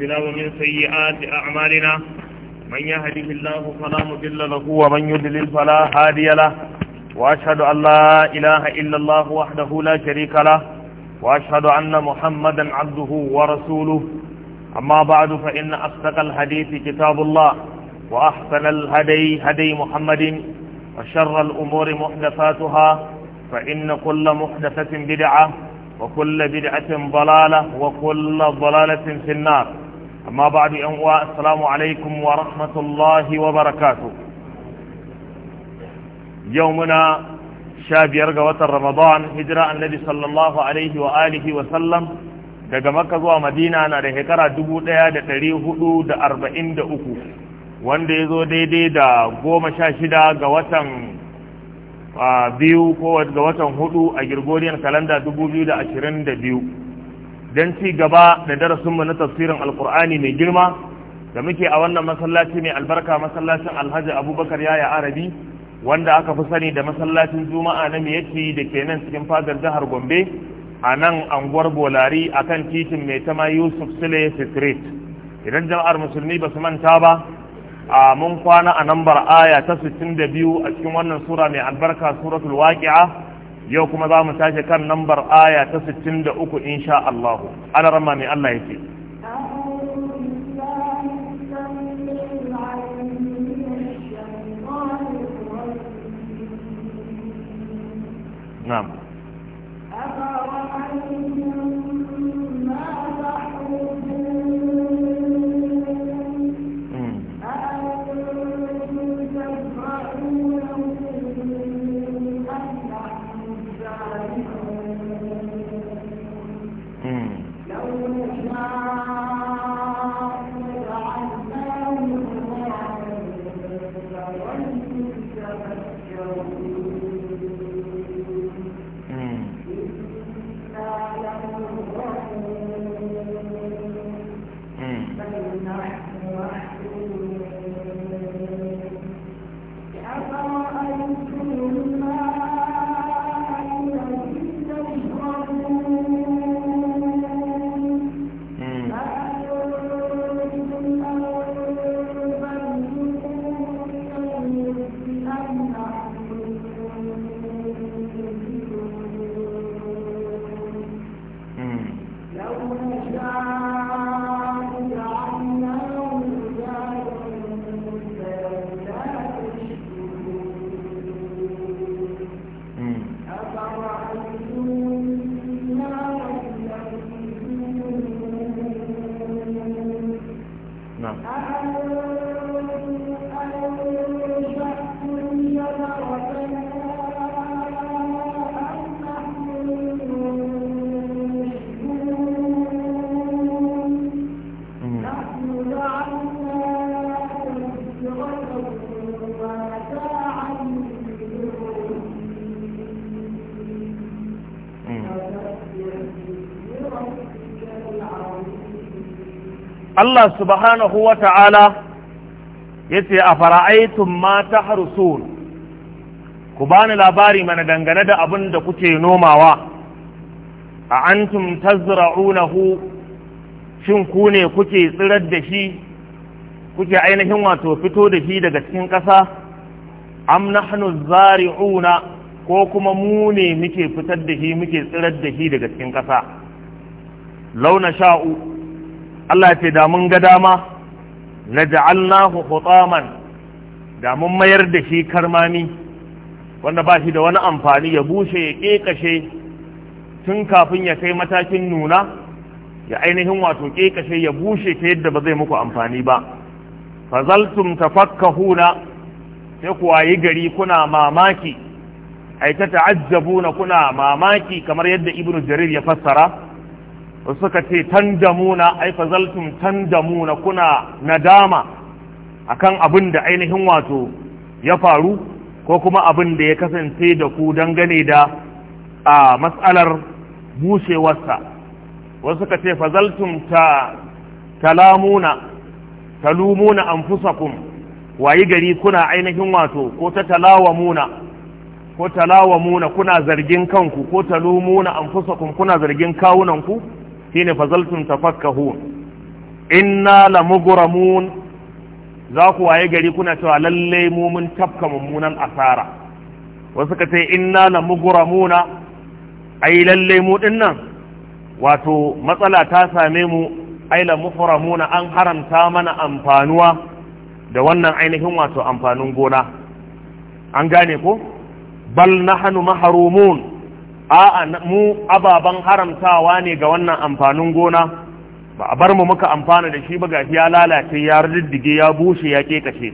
بنا ومن سيئات أعمالنا من يهده الله فلا مضل له ومن يضلل فلا هادي له وأشهد أن لا إله إلا الله وحده لا شريك له وأشهد أن محمدا عبده ورسوله أما بعد فإن أصدق الحديث كتاب الله وأحسن الهدي هدي محمد وشر الأمور محدثاتها فإن كل محدثة بدعة وكل بدعة ضلالة وكل ضلالة في النار amma ba da yan uwa assalamu alaikum wa rahmatullahi wa barakatu yau muna sha biyar ga watan ramadan hijira annabi sallallahu alaihi wa alihi wa sallam daga makka zuwa madina na da shekara dubu ɗaya da ɗari hudu da arba'in da uku wanda ya zo daidai da goma sha shida ga watan biyu ko ga watan hudu a girgoriyar kalanda dubu biyu da ashirin da biyu don ci gaba da darasinmu na tafsirin alkur'ani mai girma da muke a wannan masallaci mai albarka masallacin alhaji abubakar yaya arabi wanda aka fi sani da masallacin juma'a na miyaki da ke nan cikin fadar jihar gombe a nan anguwar bolari a kan titin mai tama yusuf sule street idan jama'ar musulmi ba su manta ba a mun kwana a nambar aya ta 62 a cikin wannan sura mai albarka suratul waqi'a yau kuma za mu tashi kan lambar aya ta 63 insha Allah ana rama mai Allah yake Na'am. Allah subhanahu wa ta'ala ya ce a fara'aitun mata harsun ku bani labari mana dangane da abin da kuke nomawa a antum tazra'unahu shin ku ne kuke tsirar da shi kuke ainihin wato fito da shi daga cikin ƙasa am nahnu zari'una ko kuma mu ne muke fitar da shi muke tsirar da shi daga cikin ƙasa launa sha'u Allah ce da mun ga dama la ja'alnahu khutaman da mun mayar da shi karmami wanda ba shi da wani amfani ya bushe ya kekashe tun kafin ya kai matakin nuna ya ainihin wato kekashe ya bushe ta yadda ba zai muku amfani ba fazaltum tafakkahuna sai ku wayi gari kuna mamaki ai ta ta'ajjabuna kuna mamaki kamar yadda ibnu jarir ya fassara suka ce tandamuna ai tan tandamuna kuna nadama akan abin da ainihin wato ya faru ko kuma abin da ya kasance da ku dangane da a matsalar bushewarsa wasu suka ce zaltum ta talamuna talumuna anfusakum wayi gari kuna ainihin wato ko ta talawamuna ko talawamuna kuna zargin kanku ko talumuna anfusakum kuna zargin kawunanku shine fazaltum tafakkahun inna lamughramun za ku waye gari kuna cewa lalle mu mun tafka mummunan asara wasu ka ce inna lamughramuna ai lalle mu dinnan wato matsala ta same mu ai lamughramuna an haramta mana amfanuwa da wannan ainihin wato amfanin gona an gane ko bal nahnu mahrumun a'a mu ababen haramtawa ne ga wannan amfanin gona ba a bar mu muka amfana da shi ba gashi ya lalace ya riddige ya bushe ya kashe.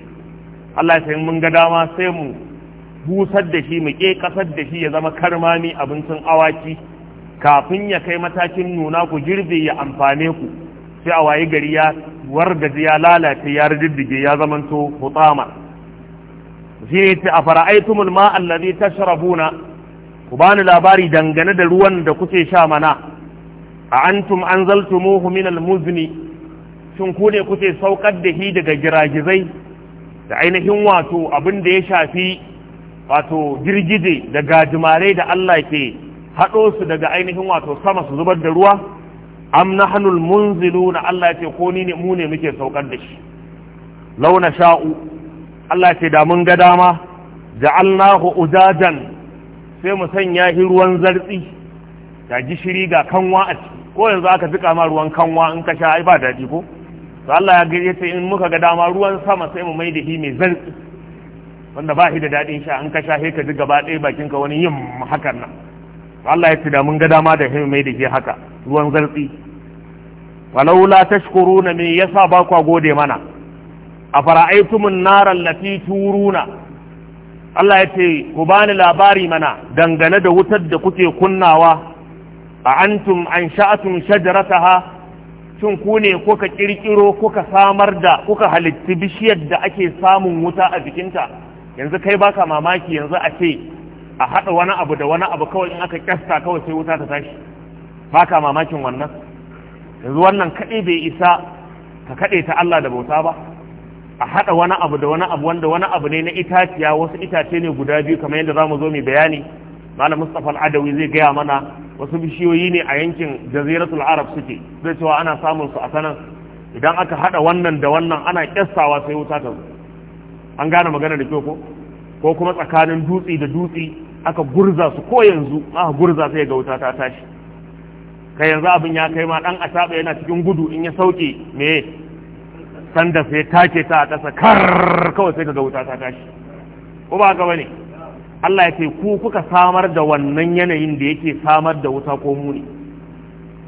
Allah sai mun ga dama sai mu busar da shi mu kasar da shi ya zama karmami abincin awaki kafin ya kai matakin nuna ku girbe ya amfane ku sai a waye gari ya wargaje ya lalace ya riddige ya zamanto hutama shi ne ta a fara'aitumul ma allazi tashrabuna ku bani labari dangane da ruwan da kuke sha mana a antum anzaltumuhu min almuzni shin ku ne kuke saukar da shi daga giragizai da ainihin wato abin da ya shafi wato girgije da gajimare da Allah ke haɗo su daga ainihin wato sama su zubar da ruwa am nahnul munziluna Allah ya ce ko ni ne mu ne muke saukar da shi launa sha'u Allah ya ce da mun ga dama ja'alnahu ujajan sai mu sanya shi ruwan zartsi ga gishiri ga kanwa a ciki ko yanzu aka jika ma ruwan kanwa in ka sha ai ba daɗi ko to Allah ya gaje sai in muka ga dama ruwan sama sai mu mai da shi mai zartsi wanda ba shi da daɗin sha in ka sha sai ka ji gaba ɗaya bakin ka wani yin hakan nan Allah ya ce da mun ga dama da shi mai da shi haka ruwan zartsi walau la tashkuruna me yasa ba kwa gode mana a fara'aitumun naran lati turuna Allah ya ce ku bani labari mana dangane da wutar da kuke kunnawa a antum an sha'atun shajarataha Cin ku ne ka kirkiro kuka samar da kuka halitti bishiyar da ake samun wuta a jikinta yanzu kai baka mamaki yanzu a ce a haɗa wani abu da wani abu kawai in aka kyasta kawai sai wuta ta tashi baka mamakin wannan yanzu wannan kaɗai bai isa ka kaɗe ta Allah da bauta ba a haɗa wani abu da wani abu wanda wani abu ne na itaciya wasu itace ne guda biyu kamar yadda za mu zo mu bayani malam mustapha adawi zai gaya mana wasu bishiyoyi ne a yankin jaziratul arab suke zai cewa ana samun su a sanan idan aka hada wannan da wannan ana kyassawa sai wuta ta zo an gane magana da kyau ko kuma tsakanin dutsi da dutsi aka gurza su ko yanzu aka gurza sai ga wuta ta tashi kai yanzu abin ya kai ma dan a yana cikin gudu in ya sauke me sanda sai take ta a ƙasa kar kawai sai kaga wuta ta tashi ko ba haka bane Allah ya ce ku kuka samar da wannan yanayin da yake samar da wuta ko muni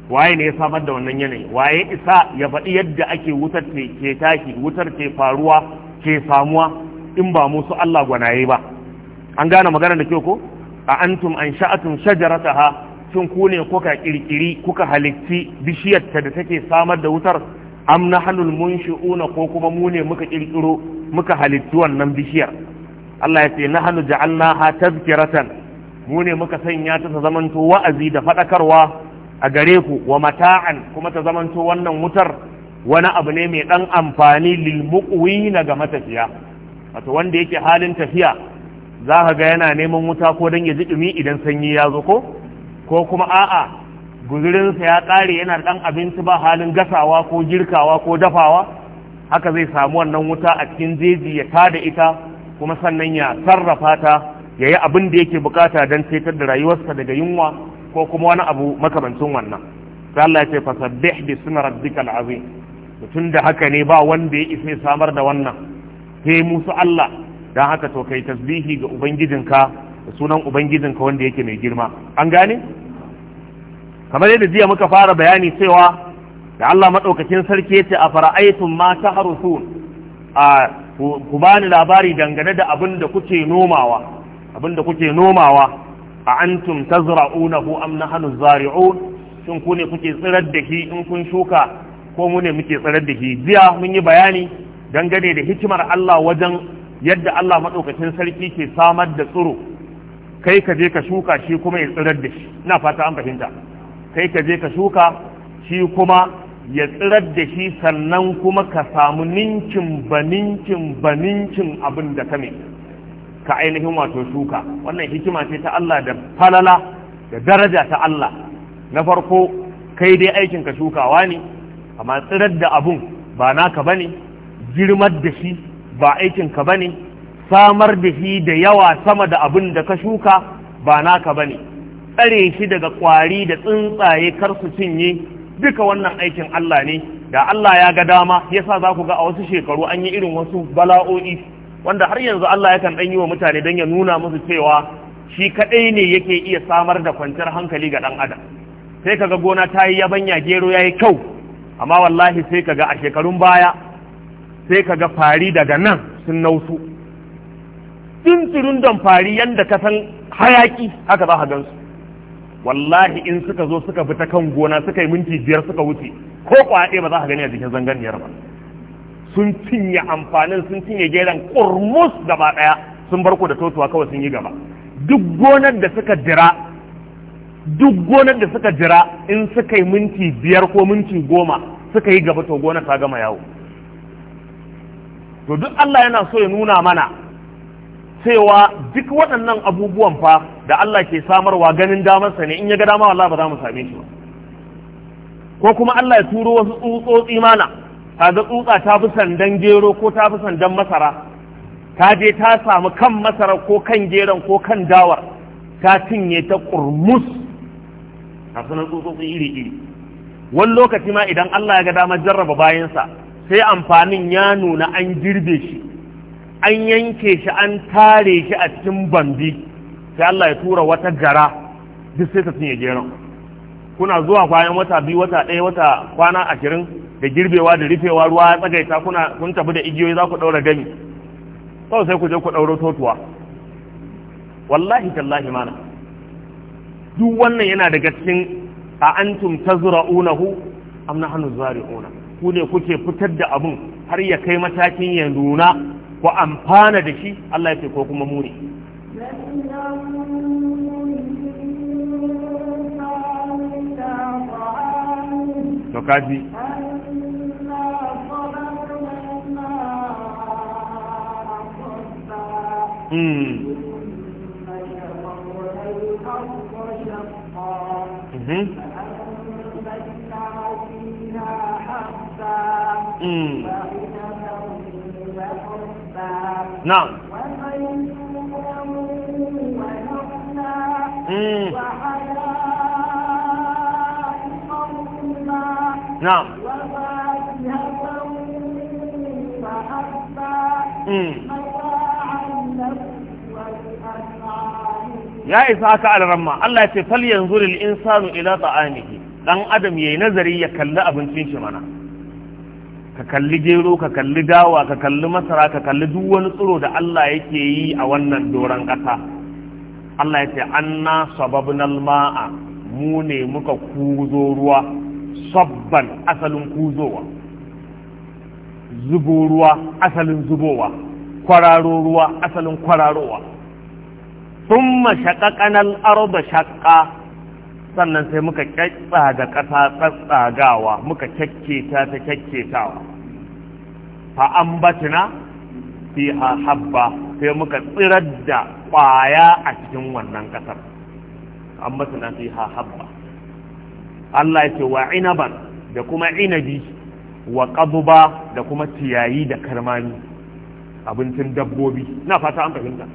waye ne ya samar da wannan yanayin? waye isa ya faɗi yadda ake wutar ke tashi wutar ke faruwa ke samuwa in ba musu Allah gwanaye ba an gane magana da ke ko a antum an sha'atun shajarataha shin ku ne kuka kirkiri kuka halitti bishiyarta da take samar da wutar am nahnul munshi'una ko kuma mu ne muka kirkiro muka halittu wannan bishiyar Allah ya ce nahnu ja'alnaha tazkiratan mu ne muka sanya ta ta zamanto wa'azi da fadakarwa a gare ku wa mata'an kuma ta zamanto wannan wutar wani abu ne mai ɗan amfani lil muqwina ga matafiya wato wanda yake halin tafiya za ka ga yana neman wuta ko dan ya ji dumi idan sanyi ya zo ko ko kuma a'a guzurinsa ya ƙare yana ɗan abinci ba halin gasawa ko girkawa ko dafawa haka zai samu wannan wuta a cikin jeji ya tada ita kuma sannan ya sarrafa ta ya yi abin da yake bukata don cetar da rayuwarsa daga yunwa ko kuma wani abu makamancin wannan sai Allah ya ce fasabbih bi sunna rabbikal azim tun da haka ne ba wanda ya isa samar da wannan sai musu Allah don haka to kai tasbihi ga ubangijinka da sunan ubangijinka wanda yake mai girma an gane kamar yadda jiya muka fara bayani cewa da Allah maɗaukakin sarki yace a fara'aitun ma ta a ku bani labari dangane da abin da kuke nomawa abin da kuke nomawa a antum tazra'unahu am nahnu zari'un shin ku kuke tsirar da shi in kun shuka ko mu ne muke tsirar da shi jiya mun yi bayani dangane da hikimar Allah wajen yadda Allah maɗaukakin sarki ke samar da tsiro kai ka je ka shuka shi kuma ya tsirar da shi ina fata an fahimta kai ka je ka shuka shi kuma ya tsirar da shi sannan kuma ka samu ninkin baninkin baninkin abin da kame ka ainihin wato shuka wannan hikima ce ta Allah da falala da daraja ta Allah na farko kai dai aikin ka shukawa ne amma tsirar da abun ba naka ne? girmar da shi ba aikin ka ne? samar da shi da yawa sama da abin da ka shuka ba naka ne? tsare shi daga ƙwari da tsuntsaye kar su cinye duka wannan aikin Allah ne da Allah ya ga dama yasa za ku ga a wasu shekaru an yi irin wasu bala'o'i wanda har yanzu Allah yakan ɗan yi wa mutane don ya nuna musu cewa shi kaɗai ne yake iya samar da kwanciyar hankali ga ɗan adam sai kaga gona ta yi yabanya gero ya yi kyau amma wallahi sai kaga a shekarun baya sai kaga fari daga nan sun nausu tsuntsurin don fari yadda ka san hayaki haka za ka gansu wallahi in suka zo suka bi ta kan gona suka yi minti biyar suka wuce ko kwaɗe ba za ka gani a jikin zanganiyar ba sun cinye amfanin sun cinye geran kurmus gaba ɗaya sun barko da totuwa kawai sun yi gaba duk gonar da suka jira duk gonar da suka jira in suka yi minti biyar ko minti goma suka yi gaba to gona ta gama yawo to duk Allah yana so ya nuna mana cewa duk waɗannan abubuwan fa da Allah ke samarwa ganin damarsa ne in ya ga dama Allah ba za mu same shi ba ko kuma Allah ya turo wasu tsutsotsi mana kaga tsutsa ta fi sandan gero ko ta fi sandan masara ta je ta samu kan masara ko kan geron ko kan dawar ta cinye ta kurmus ta sanar tsutsotsi iri iri wani lokaci ma idan Allah ya ga damar jarraba bayansa sai amfanin ya nuna an girbe shi an yanke shi an tare shi a cikin bambi sai Allah ya tura wata gara duk sai ta cinye geron kuna zuwa bayan wata biyu wata ɗaya wata kwana ashirin da girbewa da rufewa ruwa ya tsagaita kuna kun tafi da igiyoyi za ku ɗaura gami sau sai ku je ku ɗauro totuwa wallahi tallahi mana duk wannan yana daga cikin a antum tazra'unahu am nahnu zari'una ku ne kuke fitar da abun har ya kai matakin ya nuna ku amfana da shi Allah ya ce ko kuma muni to kaji Mm. Mm-hmm. Mm. نعم نعم hmm. hmm. ya isa haka alramma Allah ce fal yanzu lil insanu ila Ɗan dan adam yayi nazari ya kalli abincin shi mana ka kalli gero ka kalli dawa ka kalli masara ka kalli duk wani tsiro da Allah yake yi a wannan doron ƙasa Allah ya ce anna sababnal ma'a mu ne muka kuzo ruwa sabban asalin kuzowa zubo ruwa asalin zubowa kwararo ruwa asalin kwararowa thumma shaqaqanal arda shaqqa sannan sai muka da ƙasa tsatsagawa muka kyakketa ta kyakketawa fa ambatina fiha habba sai muka tsirar da ƙwaya a cikin wannan ƙasar ambatina fiha habba Allah ya ce wa inaban da kuma inabi wa ƙazuba da kuma ciyayi da karmani abincin dabbobi na fata an fahimta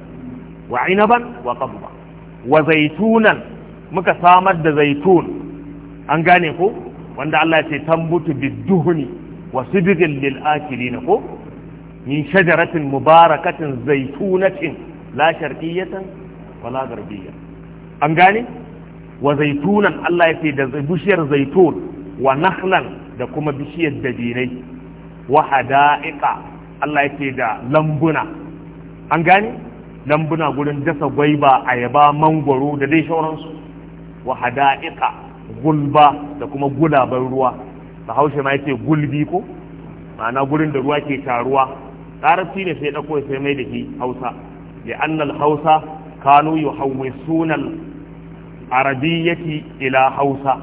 wa inaban wa ƙazuba wa zaitunan muka samar da zaitun an gane ko wanda Allah ya ce tambutu duhuni wa sidqin lil akilin ko min shajaratin mubarakatin zaitunatin la sharqiyatan wala garbiyya an gane wa zaitunan Allah ya ce da bishiyar zaitun wa nahlan da kuma bishiyar dadinai wa hada'iqa Allah ya ce da lambuna an gane lambuna gurin dasa gwaiba ayaba mangwaro da dai sauransu wa hada'iqa gulba da kuma gulaban ruwa bahaushe ma yake gulbi ko ma'ana gurin da ruwa ke taruwa larabci ne sai ɗauko sai mai da shi hausa da annal hausa kanu yi arabiyyati sunan arabiyyaki ila hausa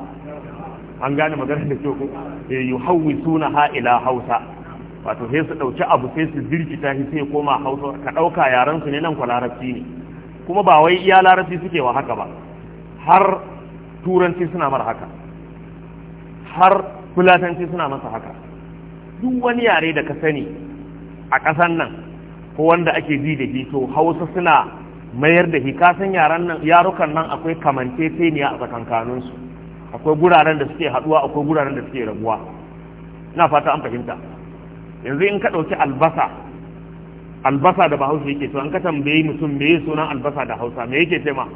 an gane magana da kyau ko sai eh, hauwai suna ha ila hausa wato sai su ɗauki abu sai su birkita shi sai koma hausa ka ɗauka su ne nan kwa larabci ne kuma ba wai iya larabci suke wa haka ba har turanci suna mara haka har fulatanci suna masa haka duk wani yare da ka sani a ƙasan nan ko wanda ake ji da shi to hausa suna mayar da shi kasan yaran nan yarukan nan akwai kamanteceniya a su akwai guraren da suke haduwa akwai guraren da suke rabuwa na fata an fahimta yanzu in ka ɗauki albasa albasa da bahaushe yake so an ka tambayi mutum me sunan albasa da hausa me yake ce ma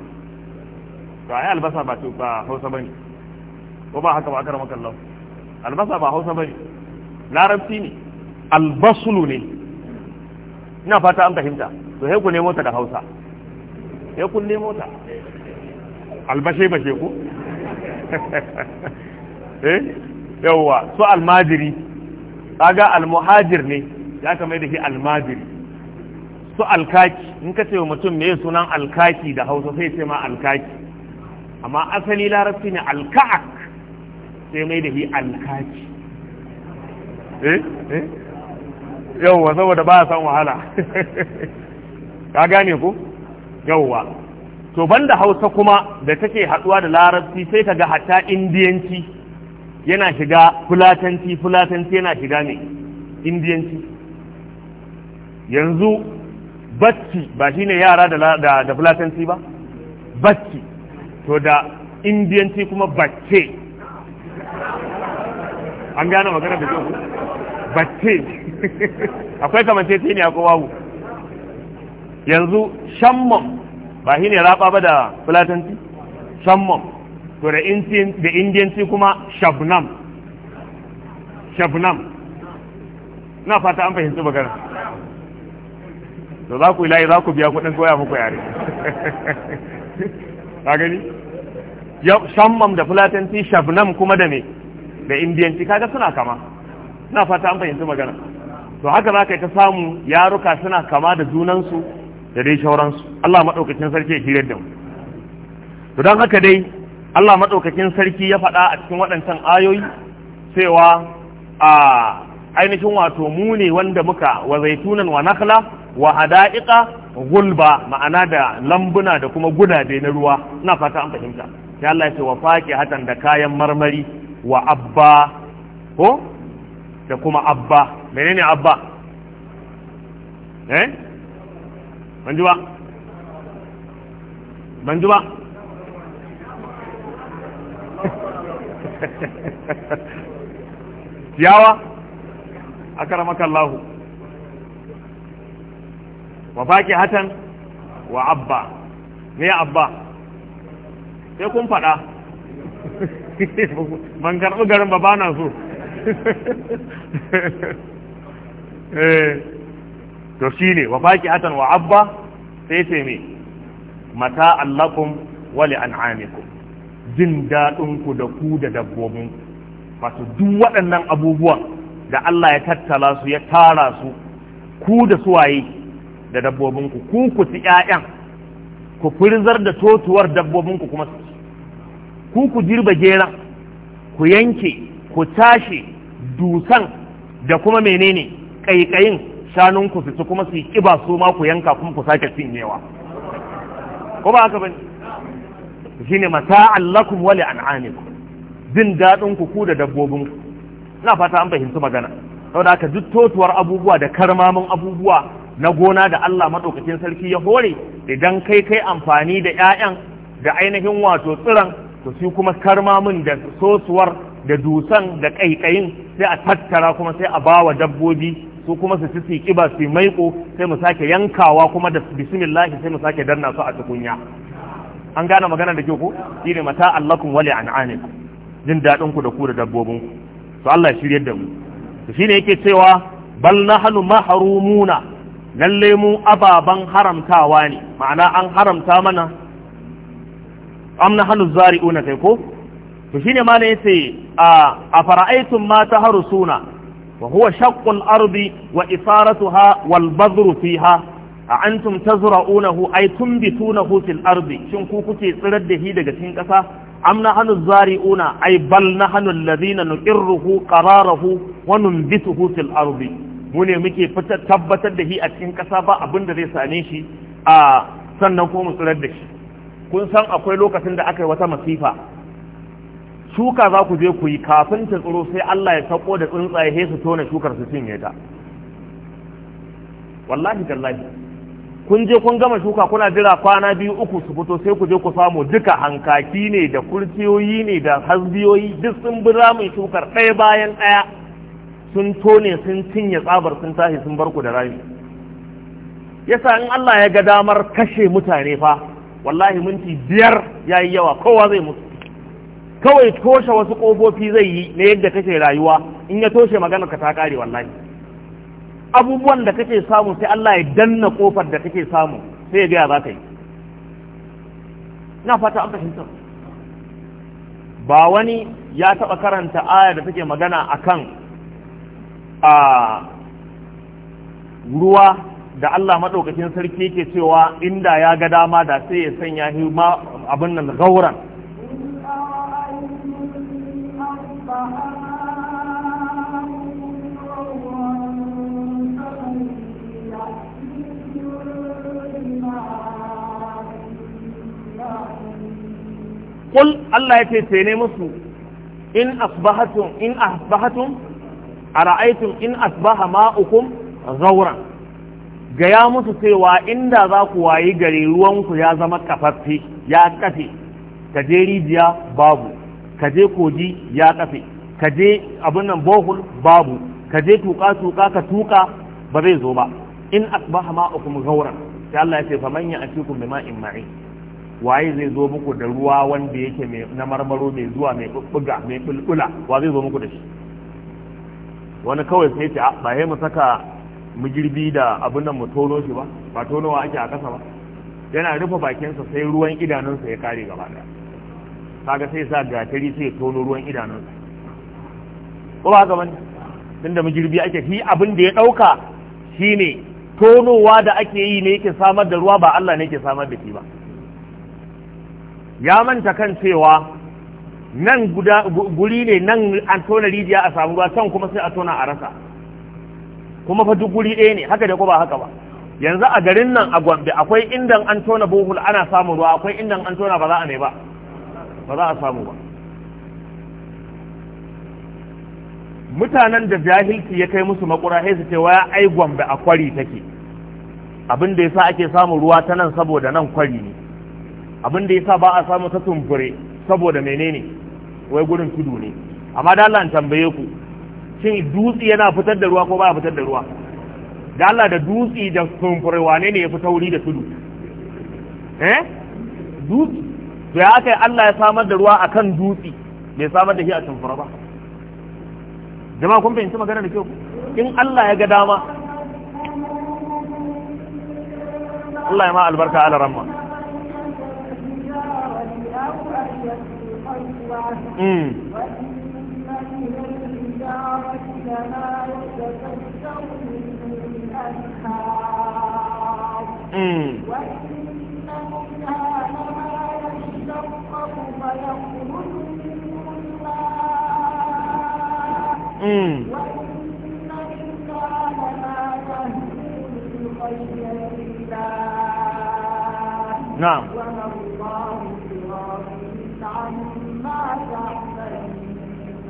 to ai albasa ba ba hausa bane ko ba haka ba aka ramaka Allah albasa ba hausa bane larabci ne albasulu ne ina fata an fahimta to sai ku nemo ta da hausa sai ku nemo ta albashe bashe ku eh yawwa su almajiri kaga almuhajir ne ya kamar da shi almajiri su alkaki in ka ce wa mutum me sunan alkaki da hausa sai ce ma alkaki amma asali larabci ne alka'ak sai mai da shi alkaci eh? Eh? yauwa saboda ba a san wahala ka gane ku yauwa to banda hausa kuma da take haduwa da larabci sai ka ga hatta indiyanci yana shiga fulatanci fulatanci yana shiga ne indiyanci yanzu bacci ba shine yara da fulatanci ba bacci to da indiyanci kuma bacce an gane magana da kyau bacce akwai kamance ne a kowawu yanzu shammam ba shi ne raba ba da fulatanci shammam to da indiyanci kuma shabnam shabnam na fata an fahimci magana to za ku yi layi za ku biya kudin koya muku yare ka gani shammam da fulatanci shafnam kuma da me da indiyanci kaga suna kama na fata an fahimci magana to haka za ka yi ta samu yaruka suna kama da junansu da dai shauransu Allah maɗaukacin sarki ya hirar da mu to don haka dai Allah maɗaukacin sarki ya faɗa a cikin waɗancan ayoyi cewa a ainihin wato mu ne wanda muka wa zaitunan wa nakhla wa hada'iqa gulba ma'ana da lambuna da kuma gudade na ruwa ina fata an fahimta sai Allah ya ce wa faqi hatan da kayan marmari wa abba ko da kuma abba menene abba eh ban ji ba ban ba ciyawa akaramaka Allah wa faki hatan wa abba me abba sai kun faɗa ban karɓi garin ba ba na so eh, to shi ne wa faki hatan wa abba sai ce me mata allakum wali an'amikum jin daɗinku da ku da dabbobinku wato duk waɗannan abubuwan da Allah ya tattala su ya tara su ku da suwaye da dabbobinku ku ku ci ƴaƴan ku furzar da totuwar dabbobinku kuma su ku ku jirba geran ku yanke ku tashi dusan da kuma menene ƙaiƙayin shanunku su su kuma su yi ƙiba su ma ku yanka kuma ku sake cinyewa ko ba haka bane shine mata'an lakum wa li'an'amikum jin dadin ku ku da dabbobinku ina fata an fahimci magana saboda haka duk totuwar abubuwa da karmamin abubuwa na gona da Allah maɗaukacin sarki ya hore idan kai kai amfani da 'ya'yan da ainihin wato tsiran to su kuma karma min da sosuwar da dusan da ƙaiƙayin sai a tattara kuma sai a bawa dabbobi su kuma su ci kiba su maiko sai mu sake yankawa kuma da bismillah sai mu sake danna su a tukunya an gane magana da ke ko shine mata allakum wali an'anikum jin daɗin ku da ku da dabbobin ku to Allah ya shiryar da mu shine yake cewa bal nahnu mahrumuna lalle mu ababan haramtawa ne ma'ana an haramta mana amna zari, una kai ko to shi ne ne yace a fara'aytum ma taharusuna wa huwa shaqqul ardi wa isaratuha wal badru fiha a antum tazra'unahu ay tumbitunahu fil ardi shin ku kuke tsirar da shi daga cikin kasa amna zari, una ay bal nahnu alladhina nuqirruhu qararahu wa numbituhu fil ardi mu ne muke fitar tabbatar da shi a cikin ƙasa ba abin da zai same shi a sannan ko mu tsirar da shi kun san akwai lokacin da aka yi wata masifa shuka za ku je ku yi kafin ta tsoro sai Allah ya sako da tsuntsaye sai su tona shukar su cinye ta wallahi tallahi kun je kun gama shuka kuna jira kwana biyu uku su fito sai ku je ku samu duka hankaki ne da kurciyoyi ne da hasbiyoyi duk sun bi ramin shukar ɗaya bayan ɗaya sun tone sun cinye tsabar sun tashi sun bar ku da rami yasa in Allah ya ga damar kashe mutane fa wallahi minti biyar ya yi yawa kowa zai mutu kawai toshe wasu kofofi zai yi na yadda kake rayuwa in ya toshe magana ka ta kare wallahi abubuwan da kake samu sai Allah ya danna kofar da kake samu sai ya ga za ka yi na fata an fahimta ba wani ya taba karanta aya da take magana akan a ruwa da Allah maɗaukacin sarki ke cewa inda ya ga dama da sai ya sanya hima abin nan gauran Kul Allah ya ce ne musu in asbahatum in A ara'aytum in asbaha ma'ukum zauran gaya musu cewa inda za ku wayi gare ruwanku ya zama kafaffe ya kafe ka je rijiya babu ka je kogi ya kafe ka je abin nan babu ka je tuka tuka ka tuka ba zai zo ba in asbaha ma'ukum zauran sai Allah ya ce fa a cikin bima in ma'in waye zai zo muku da ruwa wanda yake mai na marmaro mai zuwa mai bubbuga mai bulbula wa zai zo muku da shi wani kawai sai ce ba yi mu saka mu girbi da abin nan mu tono shi ba ba tonowa ake a ƙasa ba yana rufe bakinsa sai ruwan idanunsa ya kare gaba daya kaga sai sa gatari sai tono ruwan idanunsa ko ba haka bane tunda mujirbi ake shi abin da ya dauka shine tonowa da ake yi ne yake samar da ruwa ba Allah ne yake samar da shi ba ya manta kan cewa nan guda guri ne nan an tona rijiya a samu ruwa can kuma sai a tona a rasa kuma fa duk guri ɗaya ne haka da ko ba haka ba yanzu a garin nan a Gombe akwai inda an tona bohol ana samu ruwa akwai inda an tona ba za a ne ba ba za a samu ba mutanen da jahilci ya kai musu makura sai su ce waya ai Gombe a kwari take abin da yasa ake samu ruwa ta nan saboda nan kwari ne abin da yasa ba a samu ta tumbure saboda menene wai gurin tudu ne amma da Allah tambaye ku shin dutsi yana fitar da ruwa ko ba fitar da ruwa da Allah da dutsi da kumfure wane ne ya fi tauri da tudu eh dutsi to ya aka Allah ya samar da ruwa akan dutsi bai samar da shi a kumfure ba jama'a kun fahimci magana da kyau in Allah ya ga dama Allah ya ma albarka ala ramma نعم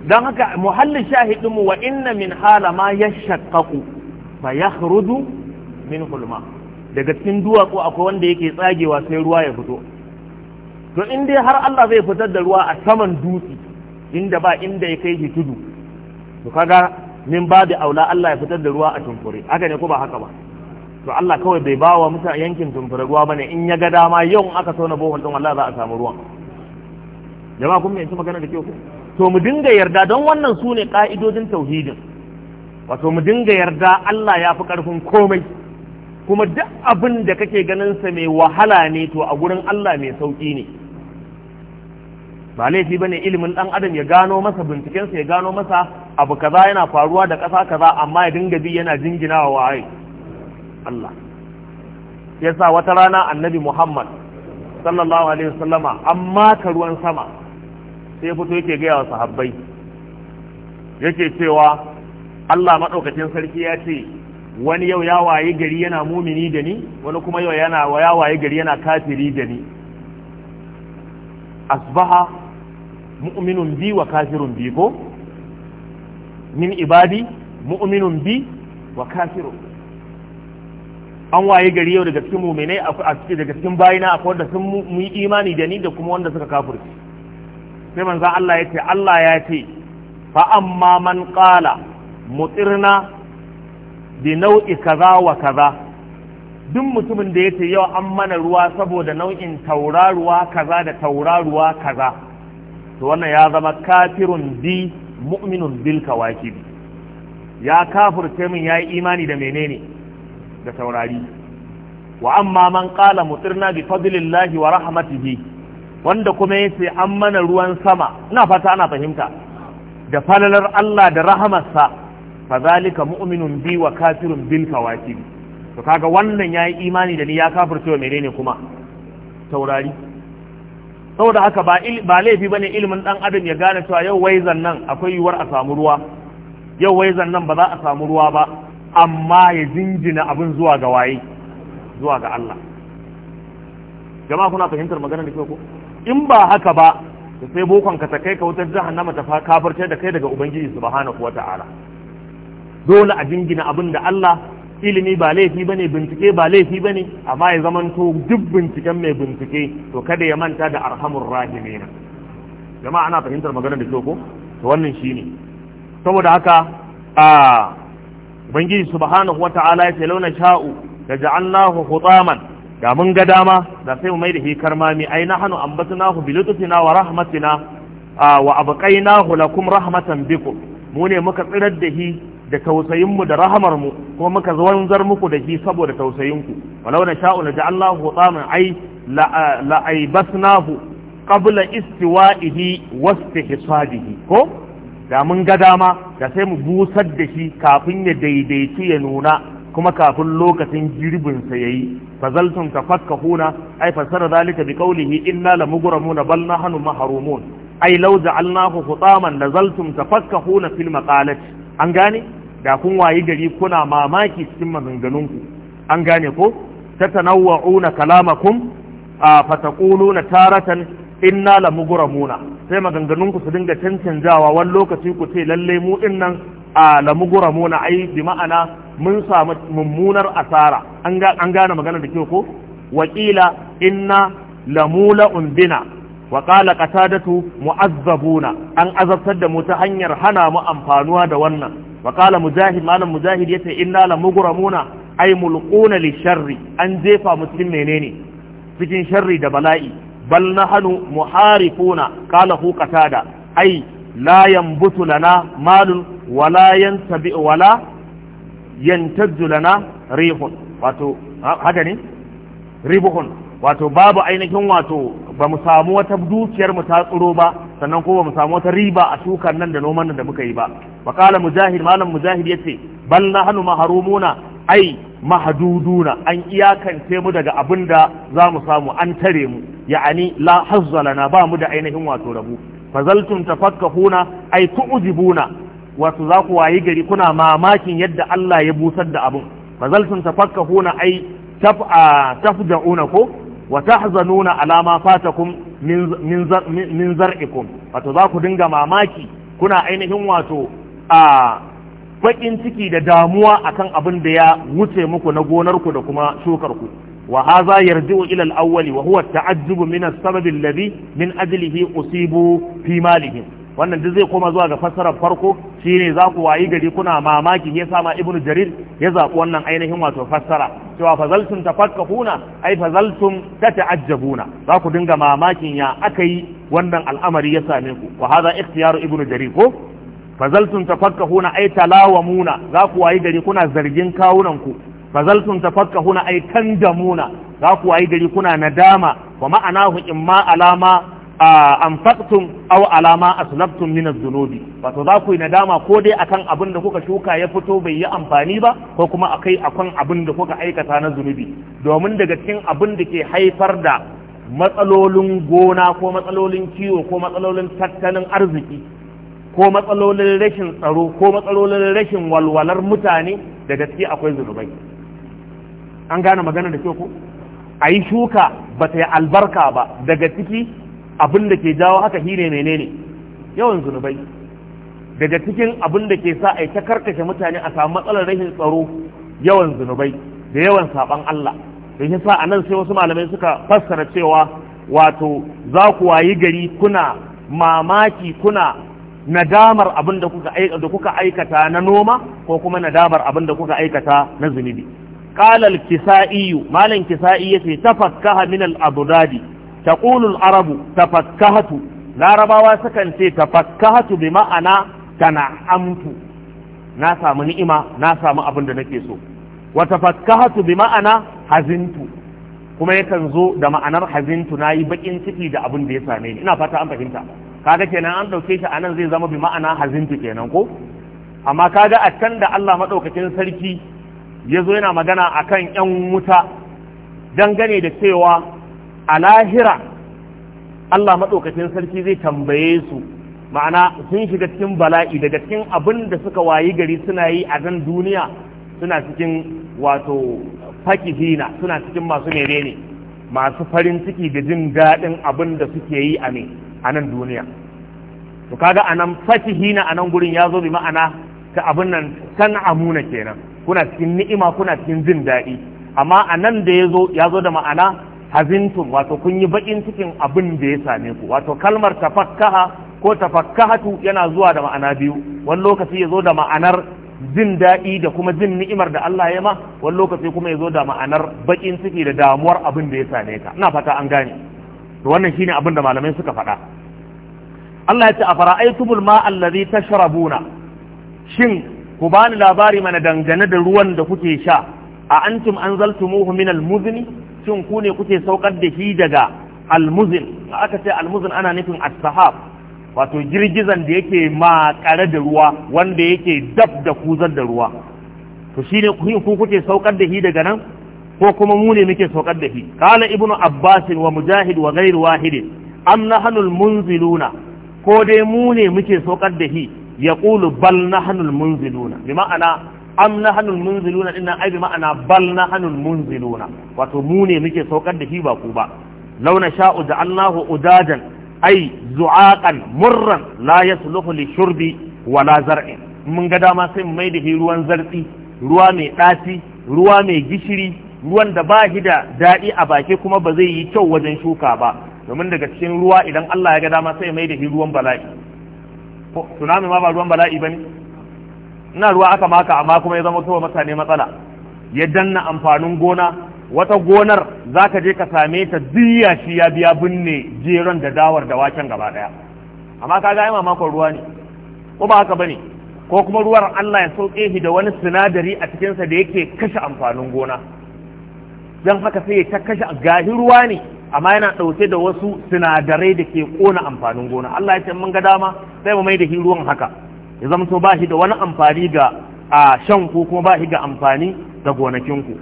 don haka muhallin shahidinmu wa inna min hala ma ya shakaku fa ya min hulma daga cikin duwatsu akwai wanda yake tsagewa sai ruwa ya fito to in dai har Allah zai fitar da ruwa a saman dutse inda ba inda ya kai shi tudu to kaga min ba da aula Allah ya fitar da ruwa a tumfure haka ne ko ba haka ba to Allah kawai bai ba wa mutane yankin tumfure ruwa bane in ya ga dama yau aka sauna bohol din wallahi za a samu ruwan jama'a kun yanci magana da kyau to mu dinga yarda don wannan su ne ka'idojin tauhidin wato mu dinga yarda Allah ya fi karfin komai kuma duk abin da kake ganin sa mai wahala ne to a gurin Allah mai sauki ne ba laifi bane ilimin dan adam ya gano masa binciken sa ya gano masa abu kaza yana faruwa da kasa kaza amma ya dinga bi yana jinginawa waye Allah yasa wata rana annabi Muhammad sallallahu alaihi wasallama amma ka ruwan sama sai fito yake gaya wa sahabbai yake cewa Allah maɗaukacin sarki ya ce wani yau ya waye gari yana mumini da ni wani kuma yau yana ya waye gari yana kafiri da ni asbaha mu'minun bi wa kafirun bi ko min ibadi mu'minun bi wa kafirun an waye gari yau daga cikin muminai a cikin daga cikin bayina akwai wanda sun yi imani da ni da kuma wanda suka kafirci sai manzo Allah ya ce Allah ya ce fa amma man qala mutirna bi nau'i kaza wa kaza duk mutumin da ya yace yau an mana ruwa saboda nau'in tauraruwa kaza da tauraruwa kaza to wannan ya zama kafirun bi mu'minun bil kawakib ya kafirce min yayi imani da menene da taurari wa amma man qala mutirna bi fadlillahi wa rahmatihi wanda kuma ya ce an mana ruwan sama ina fata ana fahimta da falalar Allah da rahamarsa fa zalika mu'minun bi wa kafirun bil kawakib to kaga wannan yayi imani da ni ya kafirce wa menene kuma taurari saboda haka ba ba laifi bane ilimin dan adam ya gane cewa yau wai zannan akwai yuwar a samu ruwa yau wai zannan ba za a samu ruwa ba amma ya jinjina abin zuwa ga waye zuwa ga Allah jama'a kuna fahimtar maganar da kyau ko in ba haka ba da sai bokon ka ta kai ka wutar jahannama ta kafarce da kai daga ubangiji subhanahu wata'ala dole a jingina abin da Allah ilimi ba laifi bane bincike ba laifi bane amma ya to duk binciken mai bincike to kada ya manta da arhamur rahimina jama'a ana fahimtar magana da ko to wannan shine saboda haka a ubangiji subhanahu wata'ala ya ce launa sha'u da ja'alnahu hutaman da mun ga dama da sai mu mai da hikar mami ai nahnu ambatnahu bi lutfina wa rahmatina wa abqaynahu lakum rahmatan biku mu ne muka tsirar da hi da tausayinmu da mu kuma muka wanzar muku da hi saboda tausayin ku walau na sha'u na ja'allahu tsamin ai aibasnahu qabla istiwa'ihi wastihsadihi ko da mun ga dama da sai mu busar da shi kafin ya daidaitu ya nuna kuma kafin lokacin girbin sa yayi fazaltum tafakkahuna ai fasara zalika biqawlihi inna lamugramuna bal nahnu mahrumun ay law ja'alnahu hutaman lazaltum tafakkahuna fil maqalati an gane da kun wayi gari kuna mamaki cikin maganganunku an gane ko tatanawwa'una kalamakum na taratan inna lamugramuna sai maganganunku su dinga cancanzawa wani lokaci ku ce lalle mu nan, a lamugramuna ai bi ma'ana mun samu mummunar asara an gane magana da kyau ko wakila inna lamula unzina wa qala qatadatu mu'azzabuna an azabtar da mu ta hanyar hana mu amfanuwa da wannan wa qala mujahid malam mujahid yace inna lamugramuna ay mulquna li sharri an jefa mu cikin menene cikin sharri da bala'i bal nahnu muharifuna Kala hu qatada ay la yanbutu lana malun wala yantabi wala yantazzu lana rihun wato haka ne ribuhun wato babu ainihin wato ba mu samu wata dukiyar mu ta tsiro ba sannan ko ba mu samu wata riba a shukar nan da noman nan da muka yi ba wa mujahid malam mujahid yace bal nahnu mahrumuna ai mahaduduna an iyakance mu daga abinda za mu samu an tare mu ya'ani la hazzalana ba mu da ainihin wato rabu fazaltum tafakkahuna ay tu'jibuna wato za ku wayi gari kuna mamakin yadda Allah ya busar da sun fazaltum tafakkahuna ai tafja'una ko wa tahzanuna ala ma fatakum min min zar'ikum wato za ku dinga mamaki kuna ainihin wato a bakin ciki da damuwa akan abin da ya wuce muku na gonarku da kuma shukarku wa haza yarji'u ila al-awwali wa huwa at-ta'ajjub min as-sabab alladhi min ajlihi usibu fi malihim wannan duk zai koma zuwa ga fassarar farko shine za ku wayi gari kuna mamaki ya sama ibnu jarir ya zaɓi wannan ainihin wato fassara cewa fazaltum tafakkahuna ai fazaltum tata'ajjabuna za ku dinga mamakin ya aka yi wannan al'amari ya same ku wa hadha ikhtiyaru ibnu jarir ko fazaltum tafakkahuna ai talawamuna za ku wayi gari kuna zargin kawunan ku fazaltum tafakkahuna ai tandamuna za ku wayi gari kuna nadama wa ma'anahu imma alama anfaqtum aw alama aslabtum min az-zunubi wato za ku yi nadama ko dai akan abin da kuka shuka ya fito bai yi amfani ba ko kuma akai akan abin da kuka aikata na zunubi domin daga cikin abin da ke haifar da matsalolin gona ko matsalolin kiwo ko matsalolin tattalin arziki ko matsalolin rashin tsaro ko matsalolin rashin walwalar mutane daga ciki akwai zunubai an gane magana da kyau ko a yi shuka ba ta yi albarka ba daga ciki abin da ke jawo haka hire menene yawan zunubai daga cikin abin da ke sa a ta karkashe mutane a samu matsalar rashin tsaro yawan zunubai da yawan saɓan Allah da shi sa anan sai wasu malamai suka fassara cewa wato za ku wayi gari kuna mamaki kuna nadamar abin da kuka aikata na noma ko kuma nadamar abin da kuka aikata na zunubi qala al-kisai Malam kisai yace tafakkaha min al-abdadi taqulu arabu tafakkahatu larabawa sukan ce tafakkahatu bi ma'ana tana'amtu na samu ni'ima na samu abin da nake so wa tafakkahatu bi ma'ana hazintu kuma yakan zo da ma'anar hazintu nayi bakin ciki da abin da ya same ni ina fata an fahimta kaga kenan an dauke shi anan zai zama bi ma'ana hazintu kenan ko amma kaga a can da Allah madaukakin sarki ya zo yana magana akan yan wuta dangane da cewa a lahira Allah maɗaukacin sarki zai tambaye su ma'ana sun shiga cikin bala'i daga cikin abin da suka wayi gari suna yi a nan duniya suna cikin wato fakihina suna cikin masu ne masu farin ciki da jin daɗin abin da suke yi a ne a nan duniya to kaga anan fakihina a nan gurin ya zo bi ma'ana ta abin nan san amuna kenan kuna cikin ni'ima kuna cikin jin daɗi amma a nan da ya zo ya zo da ma'ana hazintum wato kun yi bakin cikin abin da ya same ku wato kalmar tafakkaha ko tafakkahatu yana zuwa da ma'ana biyu wani lokaci ya zo da ma'anar jin daɗi da kuma jin ni'imar da Allah ya ma wani lokaci kuma ya zo da ma'anar bakin ciki da damuwar abin da ya same ka ina fata an gane to wannan shine abin da malamai suka faɗa Allah ya ce a fara'aitumul bulma allazi tashrabuna shin ku bani labari mana dangane da ruwan da kuke sha a antum anzaltumuhu min al-muzni shin ku ne kuke saukar da shi daga almuzin aka ce almuzin ana nufin al sahab wato girgizan da yake makare da ruwa wanda yake dab da kuzar da ruwa to shi ne ku kuke saukar da shi daga nan ko kuma mu ne muke saukar da shi qala ibnu abbas wa mujahid wa ghayr wahid am nahnu almunziluna ko dai mu ne muke saukar da shi yaqulu bal nahnu almunziluna bi ma'ana am na hannun munziluna din nan aibi ma'ana bal na hannun munziluna wato mu ne muke saukar da shi ba ku ba launa sha'u da Allahu udajan ai zu'aqan murran la yasluhu li shurbi wala zar'in mun ga dama sai mai da ruwan zartsi ruwa mai ɗaci ruwa mai gishiri ruwan da ba shi da daɗi a baki kuma ba zai yi kyau wajen shuka ba domin daga cikin ruwa idan Allah ya ga dama sai mai da ruwan bala'i tsunami ma ba ruwan bala'i ba ne ina ruwa aka maka amma kuma ya zama to mutane matsala ya danna amfanin gona wata gonar za ka je ka same ta ziyya shi ya biya binne jeron da dawar da waken gaba daya amma ka ga mamakon ruwa ne ko ba haka bane ko kuma ruwar Allah ya sauke shi da wani sinadari a cikinsa da yake kashe amfanin gona don haka sai ya ta kashe gahi ruwa ne amma yana ɗauke da wasu sinadarai da ke ƙona amfanin gona Allah ya ce mun ga dama sai mu mai da hiruwan ruwan haka ya zama ba shi da wani amfani ga a shan kuma ba shi ga amfani ga gonakinku.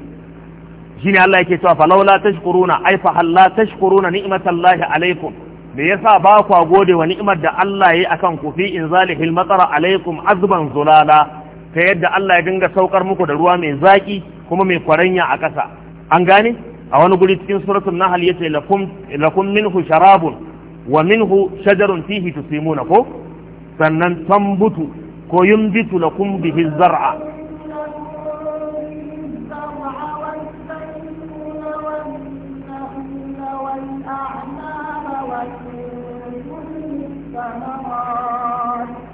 ku ne Allah yake cewa falawla tashkuruna ay fa halla tashkuruna ni'matallahi alaikum me yasa ba ku gode wa ni'imar da Allah yayi akan ku fi inzalihi al-matara alaikum azban zulala ta yadda Allah ya dinga saukar muku da ruwa mai zaki kuma mai kwaranya a ƙasa an gane a wani guri cikin suratul nahl yace lakum lakum minhu sharabun wa minhu shajarun fihi tusimuna ko sannan tambutu ko yumbitu lakum bihi zar'a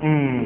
hmm.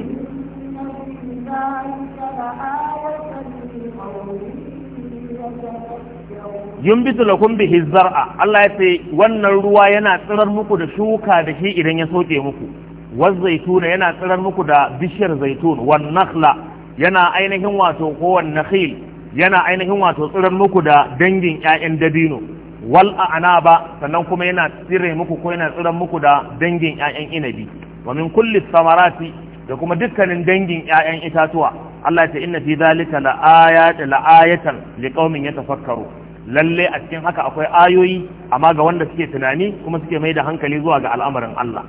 yumbitu lakum bihi zar'a Allah ya ce wannan ruwa yana tsirar muku da shuka da shi idan ya soke muku wazaituna yana tsirar muku da bishiyar zaitun, wa nuhla yana ainihin wato kowanne khayil yana ainihin wato tsirar muku da dangin 'ya'yan dabino, wal al'anaba sannan kuma yana tsire muku ko yana tsirar muku da dangin 'ya'yan inabi Wa min kulli samarati da kuma dukkanin dangin 'ya'yan itatuwa, Allah te ina fi zalika la'ayatan liƙaunin ya tafakkaru. Lallai a cikin haka akwai ayoyi amma ga wanda suke tunani kuma suke mai da hankali zuwa ga al'amarin Allah.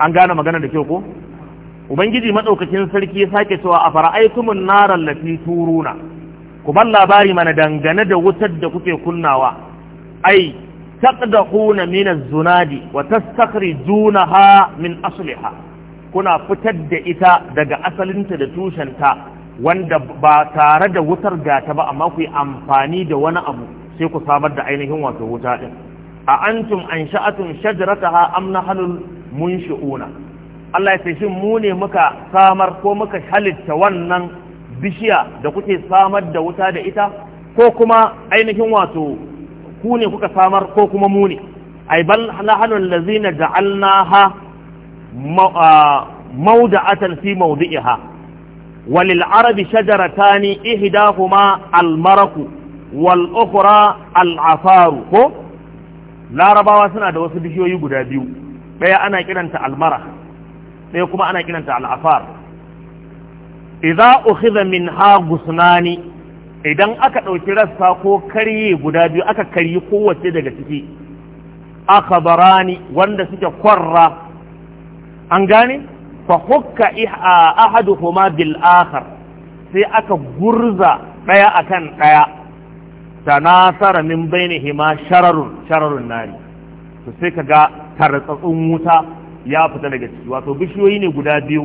an gane magana da kyau ko ubangiji madaukakin sarki ya sake cewa a fara'aitumun naran lafi turuna ku ban labari mana dangane da wutar da kuke kunnawa ai taqdahuna min az-zunadi wa tastakhrijunaha min asliha kuna fitar da ita daga asalinta da tushenta wanda ba tare da wutar gata ba amma ku yi amfani da wani abu sai ku samar da ainihin wato wuta din a antum ansha'atum shajarataha am nahnul mun shi'una Allah ya ce shin mu ne muka samar ko muka halitta wannan bishiya da kuke samar da wuta da ita ko kuma ainihin wato ku ne kuka samar ko kuma mu ne ai bal nahnu allazina ja'alnaha mawda'atan fi mawdi'iha walil arabi shajaratani ihdahuma al-maraku wal ukhra al-afaru ko larabawa suna da wasu bishiyoyi guda biyu ɗaya ana kiranta almara ɗaya kuma ana kiranta al'afar idza ukhidha min gusnani idan aka ɗauki rassa ko karye guda biyu aka karyi kowace daga ciki aka barani wanda suke kwarra an gane fa hukka ahaduhuma bil akhar sai aka gurza ɗaya akan ɗaya tanasara min bainihima shararun shararun nari to sai ga. tartsatsun wuta ya fita daga ciki wato bishiyoyi ne guda biyu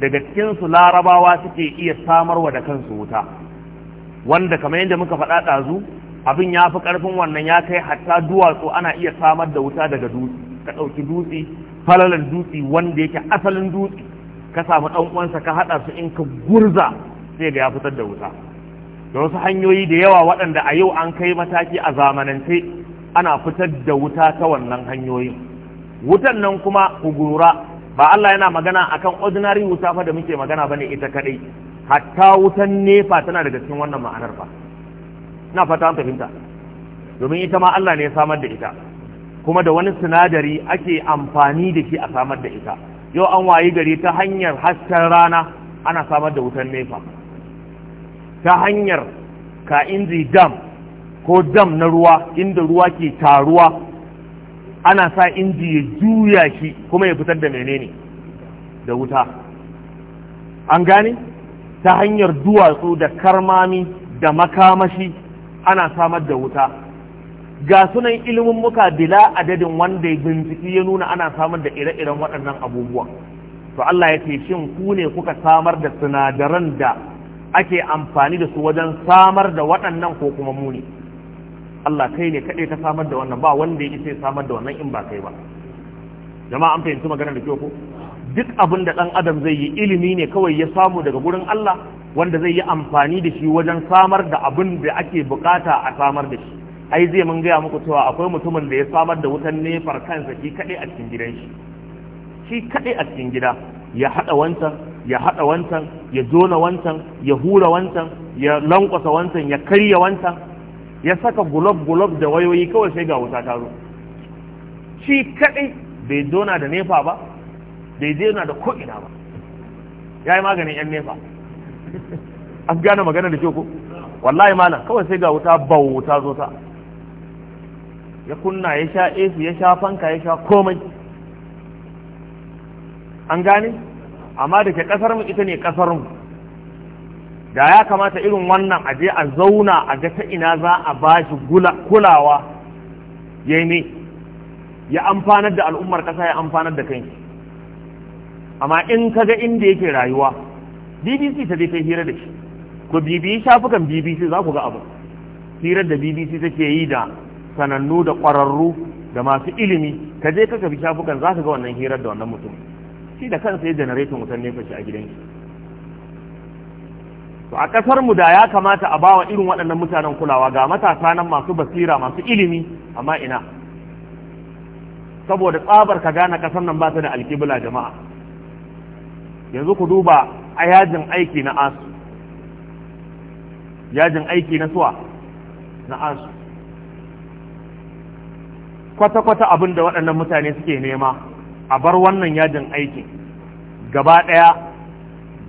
daga cikinsu larabawa suke iya samarwa da kansu wuta wanda kamar yadda muka faɗa ɗazu abin ya fi ƙarfin wannan ya kai hatta duwatsu ana iya samar da wuta daga dutse ka ɗauki dutse falalan dutse wanda yake asalin dutse ka samu ɗan uwansa ka haɗa su in ka gurza sai ga ya fitar da wuta da wasu hanyoyi da yawa waɗanda a yau an kai mataki a zamanance ana fitar da wuta ta wannan hanyoyin wutan nan kuma ugura ba Allah yana magana akan ordinary wuta fa da muke magana bane ita kadai hatta wutan nefa tana daga cikin wannan ma'anar fa Ina fata an fahimta domin ita ma Allah ne ya samar da ita kuma da wani sinadari ake amfani da shi a samar da ita yau an wayi gari ta hanyar hasken rana ana samar da wutan nefa ta hanyar ka inji dam ko dam na ruwa inda ruwa ke taruwa ana sa inji ya juya shi kuma ya fitar da menene da wuta an gane ta hanyar duwatsu da karmami da makamashi ana samar da wuta ga sunan ilimin muka bila adadin wanda ya binciki ya nuna ana samar da ire-iren waɗannan abubuwa to Allah ya ce shin ku ne kuka samar da sinadaran da ake amfani da su wajen samar da waɗannan ko kuma muni Allah kai ne kaɗai ka samar da wannan ba wanda ya isa samar da wannan in ba kai ba jama'a an fahimci magana da kyau ko duk abin da ɗan adam zai yi ilimi ne kawai ya samu daga gurin Allah wanda zai yi amfani da shi wajen samar da abin da ake bukata a samar da shi ai zai mun gaya muku cewa akwai mutumin da ya samar da wutan nefar kansa shi kaɗai a cikin gidan shi shi kaɗai a cikin gida ya haɗa wancan ya haɗa wancan ya jona wancan ya hura wancan ya lankwasa wancan ya karya wancan ya saka gulob-gulob da wayoyi kawai sai ga wuta ta zo shi kadai bai dona da nefa ba bai dona da ko'ina ba ya yi maganin 'yan nefa an gane magana da ko wallahi mana kawai sai ga wuta ba wuta zo ta ya kunna ya sha esu ya sha fanka ya sha komai an gane amma da ke kasar mu ita ne kasar mu da ya kamata irin wannan a je a zauna a ga ta ina za a ba shi kulawa ya yi ya amfanar da al'ummar ƙasa ya amfanar da kanki amma in ka ga inda yake rayuwa bbc ta je ta hira da shi ku bibiyi shafukan bbc za ku ga abu hirar da bbc take yi da sanannu da ƙwararru da masu ilimi ka je ka bi shafukan za ka ga wannan hirar da wannan mutum shi da kansa ya janaretin wutan nefa shi a gidanki to a kasar mu da ya kamata a bawa irin waɗannan mutanen kulawa ga matasa nan masu basira masu ilimi amma ina saboda tsabar ka gane kasar nan ba ta da alkibla jama'a yanzu ku duba a yajin aiki na asu yajin aiki na suwa na asu kwata-kwata abin da waɗannan mutane suke nema a bar wannan yajin aiki gaba ɗaya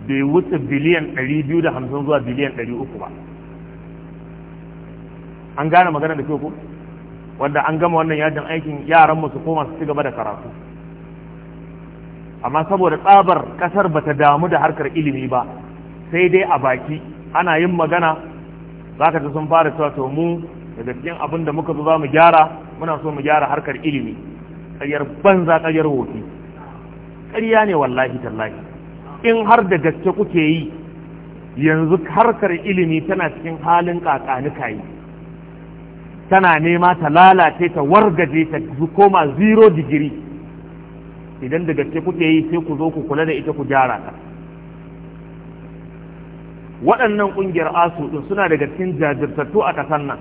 bai wuce biliyan 250 zuwa biliyan 300 ba an gane magana da ko wanda an gama wannan yajin aikin yaran su koma su ci gaba da karatu amma saboda tsabar kasar bata damu da harkar ilimi ba sai dai a baki ana yin magana za ka sun fara cewa to mu da gaskiyan abin da muka zo za mu gyara muna so mu gyara harkar ilimi ƙaryar banza ƙaryar wofi ƙarya ne wallahi tallahi in har da gaske kuke yi yanzu harkar ilimi tana cikin halin kakanika yi tana nema ta lalace ta wargaje ta koma zero digiri idan da gaske kuke yi sai ku zo ku kula da ita ku gyara ta waɗannan ƙungiyar asu ɗin suna daga cikin jajirtattu a ƙasar nan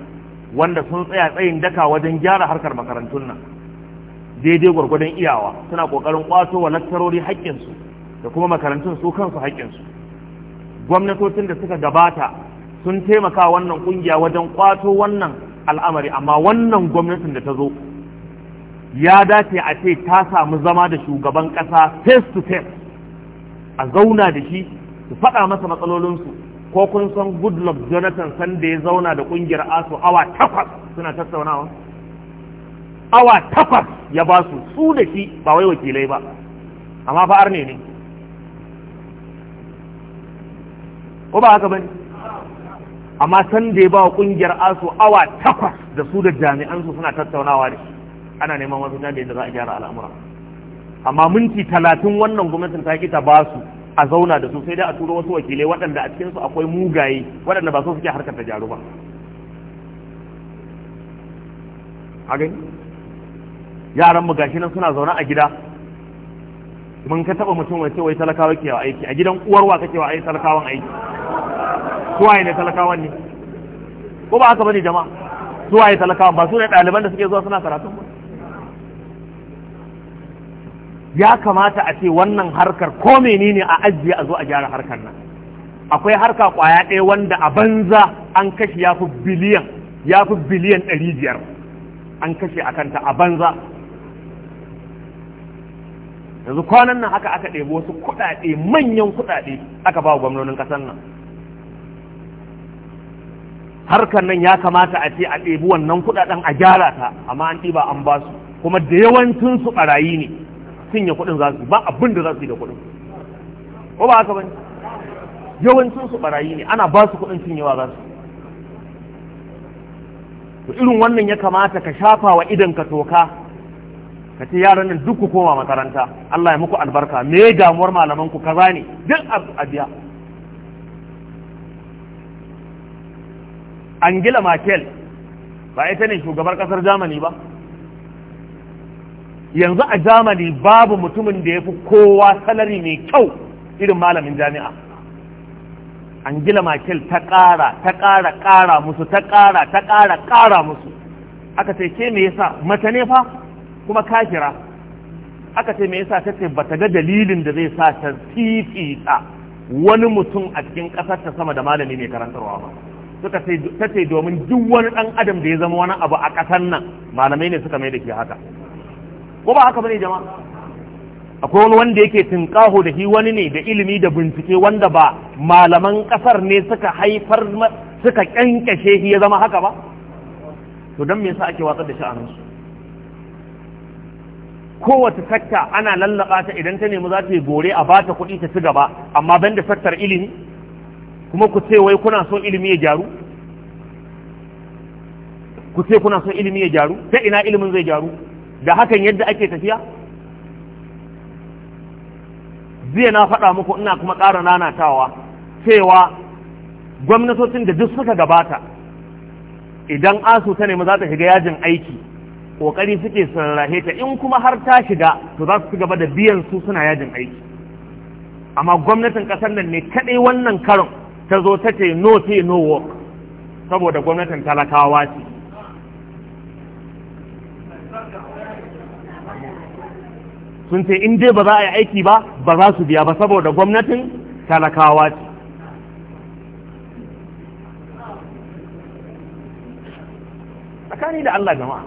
wanda sun tsaya tsayin daka wajen gyara harkar makarantun nan daidai gwargwadon iyawa suna ƙoƙarin ƙwato wa lakcarori haƙƙinsu da kuma makarantun su kansu haƙƙinsu gwamnatocin da suka gabata sun taimaka wannan ƙungiya wajen ƙwato wannan al'amari amma wannan gwamnatin da ta zo ya dace a ce ta samu zama da shugaban ƙasa face to face a zauna da shi su faɗa masa matsalolinsu ko kun san goodluck jonathan sanda ya zauna da ƙungiyar asu awa takwas suna tattaunawa awa takwas ya ba su su da shi ba wai wakilai ba amma fa'ar ne ne ko ba haka bane amma san da ya ba kungiyar asu awa takwas da su da jami'an su suna tattaunawa da ana neman wasu da yadda za a gyara al'amura amma minti talatin wannan gwamnatin ta kita ba su a zauna da su sai dai a turo wasu wakilai waɗanda a cikinsu akwai mugaye waɗanda ba su suke harkar da jaru ba a gani yaran mu gashi nan suna zaune a gida mun ka taɓa mutum wai wai talakawa ke wa aiki a gidan uwarwa kake wa ai talakawan aiki suwaye ne talakawan ne ko ba haka bane jama'a suwaye talakawan ba su ne ɗaliban da suke zuwa suna karatu ba ya kamata a ce wannan harkar ko menene a ajiye a zo a gyara harkar nan akwai harka kwaya ɗaya wanda a banza an kashe ya fi biliyan ya fi biliyan ɗari biyar an kashe a kanta a banza yanzu kwanan nan haka aka ɗebi wasu kuɗaɗe manyan kuɗaɗe aka ba wa gwamnonin ƙasar nan harkar nan ya kamata a ce a ɗebi wannan kuɗaɗen a gyara ta amma an ɗiba an ba su kuma da yawancin su ɓarayi ne cinye kuɗin za su ba abin da za su yi da kuɗin ko ba haka ba yawancin su ɓarayi ne ana ba su kuɗin cinyewa za su to irin wannan ya kamata ka shafa wa idan ka toka ka ce yaran nan duk ku koma makaranta Allah ya muku albarka me damuwar malaman ku kaza ne duk a biya angela merkel ba ita ne shugabar kasar germany ba yanzu a germany babu mutumin da ya fi kowa salari mai kyau irin malamin jami'a angela merkel ta ƙara ta ƙara ƙara musu ta ƙara ta ƙara ƙara musu aka ce ke me yasa mata ne fa kuma kafira aka ce me yasa ta ce bata ga dalilin da zai sa ta fifita wani mutum a cikin ƙasar ta sama da malami mai karantarwa ba suka ce ta ce domin duk wani dan adam da ya zama wani abu a ƙasar nan malamai ne suka mai da ke haka ko ba haka bane jama'a akwai wani wanda yake tinkaho da shi wani ne da ilimi da bincike wanda ba malaman ƙasar ne suka haifar suka kyankyashe shi ya zama haka ba to don me yasa ake watsar da sha'aninsu kowace sakta ana lallaka ta idan ta nemi za ta yi gore a bata kuɗi ta ci gaba amma banda saktar ilimi kuma ku ce wai kuna son ilimi ya gyaru ku ce kuna son ilimi ya gyaru ta ina ilimin zai gyaru da hakan yadda ake tafiya zai na faɗa muku ina kuma ƙara nanatawa cewa gwamnatocin da duk suka gabata idan asu ta nemi za ta shiga yajin aiki ƙoƙari suke sarrahe ta in kuma har ta shiga to za su ci gaba da biyan su suna yajin aiki amma gwamnatin ƙasar nan ne kaɗai wannan karon ta zo ta ce no pay no work saboda gwamnatin talakawa ce sun ce in dai ba za a yi aiki ba ba za su biya ba saboda gwamnatin talakawa ce tsakani da Allah jama'a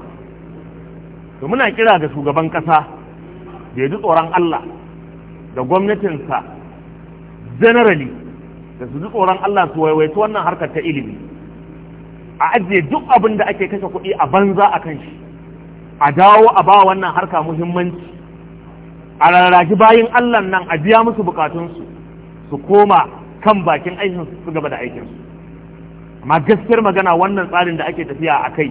to muna kira ga shugaban kasa da ji tsoron Allah da gwamnatinsa generally da su ji tsoron Allah su waiwaitu wannan harkar ta ilimi a ajiye duk abin da ake kashe kuɗi a banza a kan shi a dawo a ba wannan harka muhimmanci a rarraki bayin Allah nan a biya musu bukatunsu su koma kan bakin aikinsu su gaba da aikinsu amma gaskiyar magana wannan tsarin da ake tafiya a kai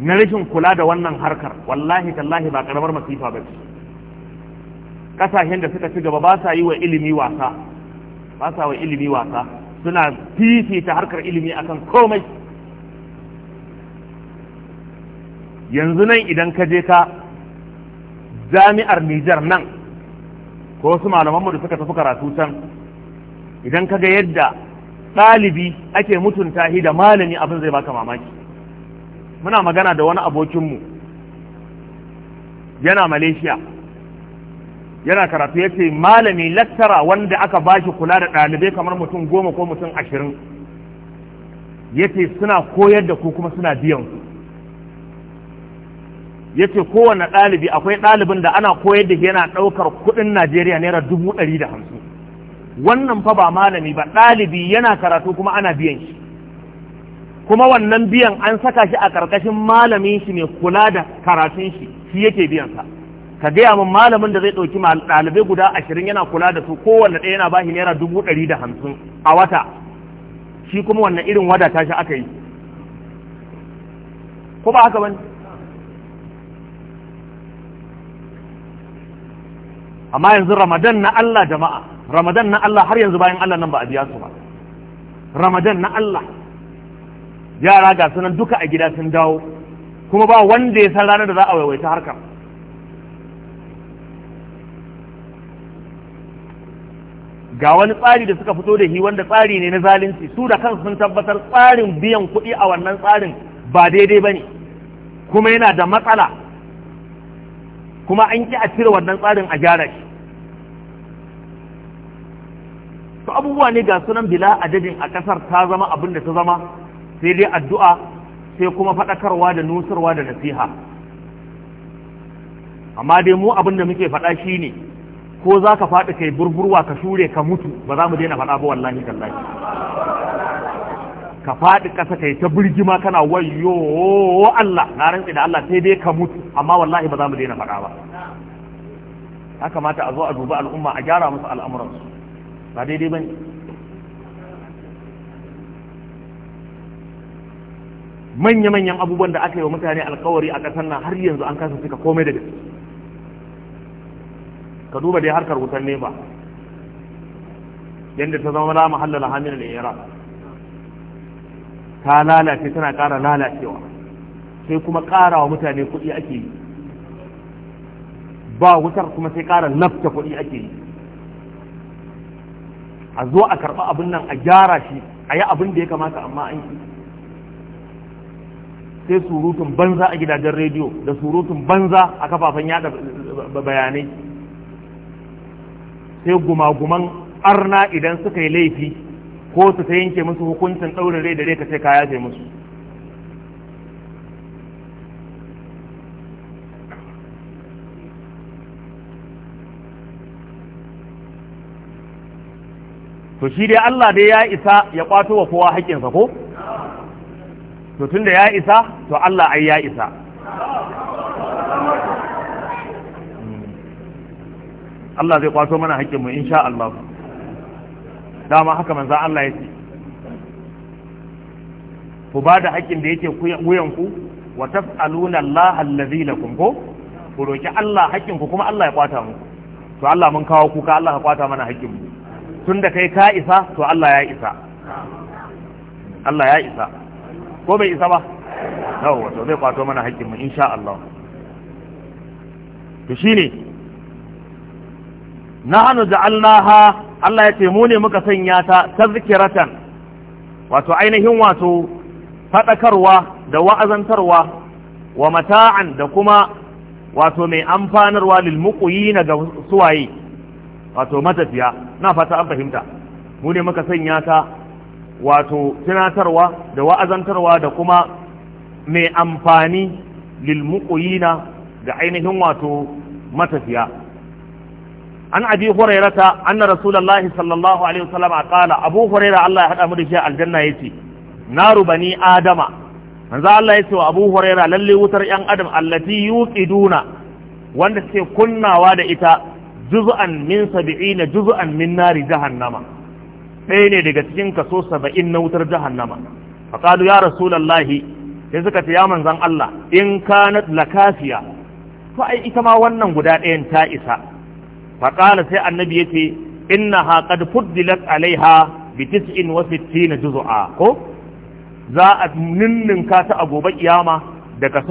na rashin kula da wannan harkar wallahi tallahi ba karamar masifa ba ce ƙasashen da suka ci gaba ba sa yi wa ilimi wasa ba sa wa ilimi wasa suna fifita harkar ilimi akan komai yanzu nan idan ka je ka jami'ar Nijar nan ko su malamanmu da suka tafi karatu can idan ka ga yadda ɗalibi ake mutunta shi da malami abin zai baka mamaki muna magana da wani abokinmu yana malaysia yana karatu ya malami lattara wanda aka ba shi kula da ɗalibai kamar mutum goma ko mutum ashirin ya suna koyar da ku kuma suna biyan ku ya ce kowane ɗalibi akwai ɗalibin da ana koyar da yana ɗaukar kuɗin najeriya naira dubu ɗari da hamsin wannan fa ba malami ba ɗalibi yana karatu kuma ana biyan shi kuma wannan biyan an saka shi a karkashin malamin shi ne kula da karatun shi shi yake sa. ka gaya min malamin da zai ɗauki ɗalibai guda ashirin yana kula da su kowanne ɗaya yana ba shi naira dubu ɗari da hamsin a wata shi kuma wannan irin wadata shi aka yi ko ba haka ne? amma yanzu ramadan na Allah jama'a ramadan na Allah har yanzu bayan Allah nan ba a biya su ba ramadan na Allah yara ga sunan duka a gida sun dawo kuma ba wanda ya san ranar da za a waiwaita harkar ga wani tsari da suka fito da shi wanda tsari ne na zalunci su da kansu sun tabbatar tsarin biyan kuɗi a wannan tsarin ba daidai ba ne kuma yana da matsala kuma an ƙi a cire wannan tsarin a gyara shi to abubuwa ne ga sunan bila adadin a ƙasar ta zama abin da ta zama sai dai addu'a sai kuma faɗakarwa da nusarwa da nasiha amma dai mu abin da muke faɗa shi ne ko za ka faɗi kai burburwa ka shure ka mutu ba za mu daina faɗa ba wallahi tallahi ka faɗi ƙasa kai ta birgima kana wayo oh, Allah na rantsi da Allah sai dai ka mutu amma wallahi ba za mu daina faɗa ba ya kamata a zo a duba al'umma a gyara musu al'amuran su, ba daidai ba ne manya-manyan abubuwan da aka yi wa mutane alkawari a ƙasar nan har yanzu an kasa suka komai da gaske ka duba dai harkar wutar nefa yadda ta zama lama mahallal hamil da yara. ta lalace tana kara lalacewa sai kuma ƙara wa mutane kuɗi ake yi ba wutar kuma sai kara nafta kuɗi ake yi a zo a karɓa abin nan a gyara shi a yi abin da ya kamata amma an yi sai surutun banza a gidajen rediyo da surutun banza a kafafen yada bayanai sai gumaguman arna idan suka yi laifi ko su ta yanke musu hukuncin ɗaurin rai da rai ka sai ka musu to shi dai Allah dai ya isa ya kwato wa kowa haƙƙinsa ko to tunda ya isa to Allah ai ya isa Allah zai kwato mana haƙƙinmu insha Allah dama haka manza Allah ya ce ku ba da haƙƙin da yake wuyanku wa tas'aluna Allah allazi lakum ko ku roki Allah haƙƙinku kuma Allah ya kwata muku to Allah mun kawo kuka Allah ya kwata mana haƙƙinmu da kai ka isa to Allah ya isa Allah ya isa ko bai isa ba yawa to zai kwato mana haƙƙinmu insha Allah to shine nahnu ja'alnaha Allah ya ce mu ne muka sanya ta tazkiratan wato ainihin wato fadakarwa da wa'azantarwa wa mata'an da kuma wato mai amfanarwa lil muqiyina ga suwaye wato matafiya na fata an fahimta mu ne muka sanya ta wato tunatarwa da wa'azantarwa da kuma mai amfani lil muqiyina ga ainihin wato matafiya an abi hurairata anna rasulullahi sallallahu alaihi wasallam qala abu huraira Allah ya hada mu da shi aljanna yace naru bani adama manzo Allah yace wa abu huraira lalle wutar yan adam allati yuqiduna wanda suke kunnawa da ita juz'an min 70 juz'an min nari jahannama ɗaya ne daga cikin kaso saba'in na wutar jahannama faqalu ya rasulullahi sai suka ce ya manzon Allah in kanat lakafiya to ai ita ma wannan guda ɗayan ta isa فقال sai annabi ya ce inna ha qad fuddilat alaiha bi in wa sittina jizu ko za a ninninka ta a gobe kiyama da tara.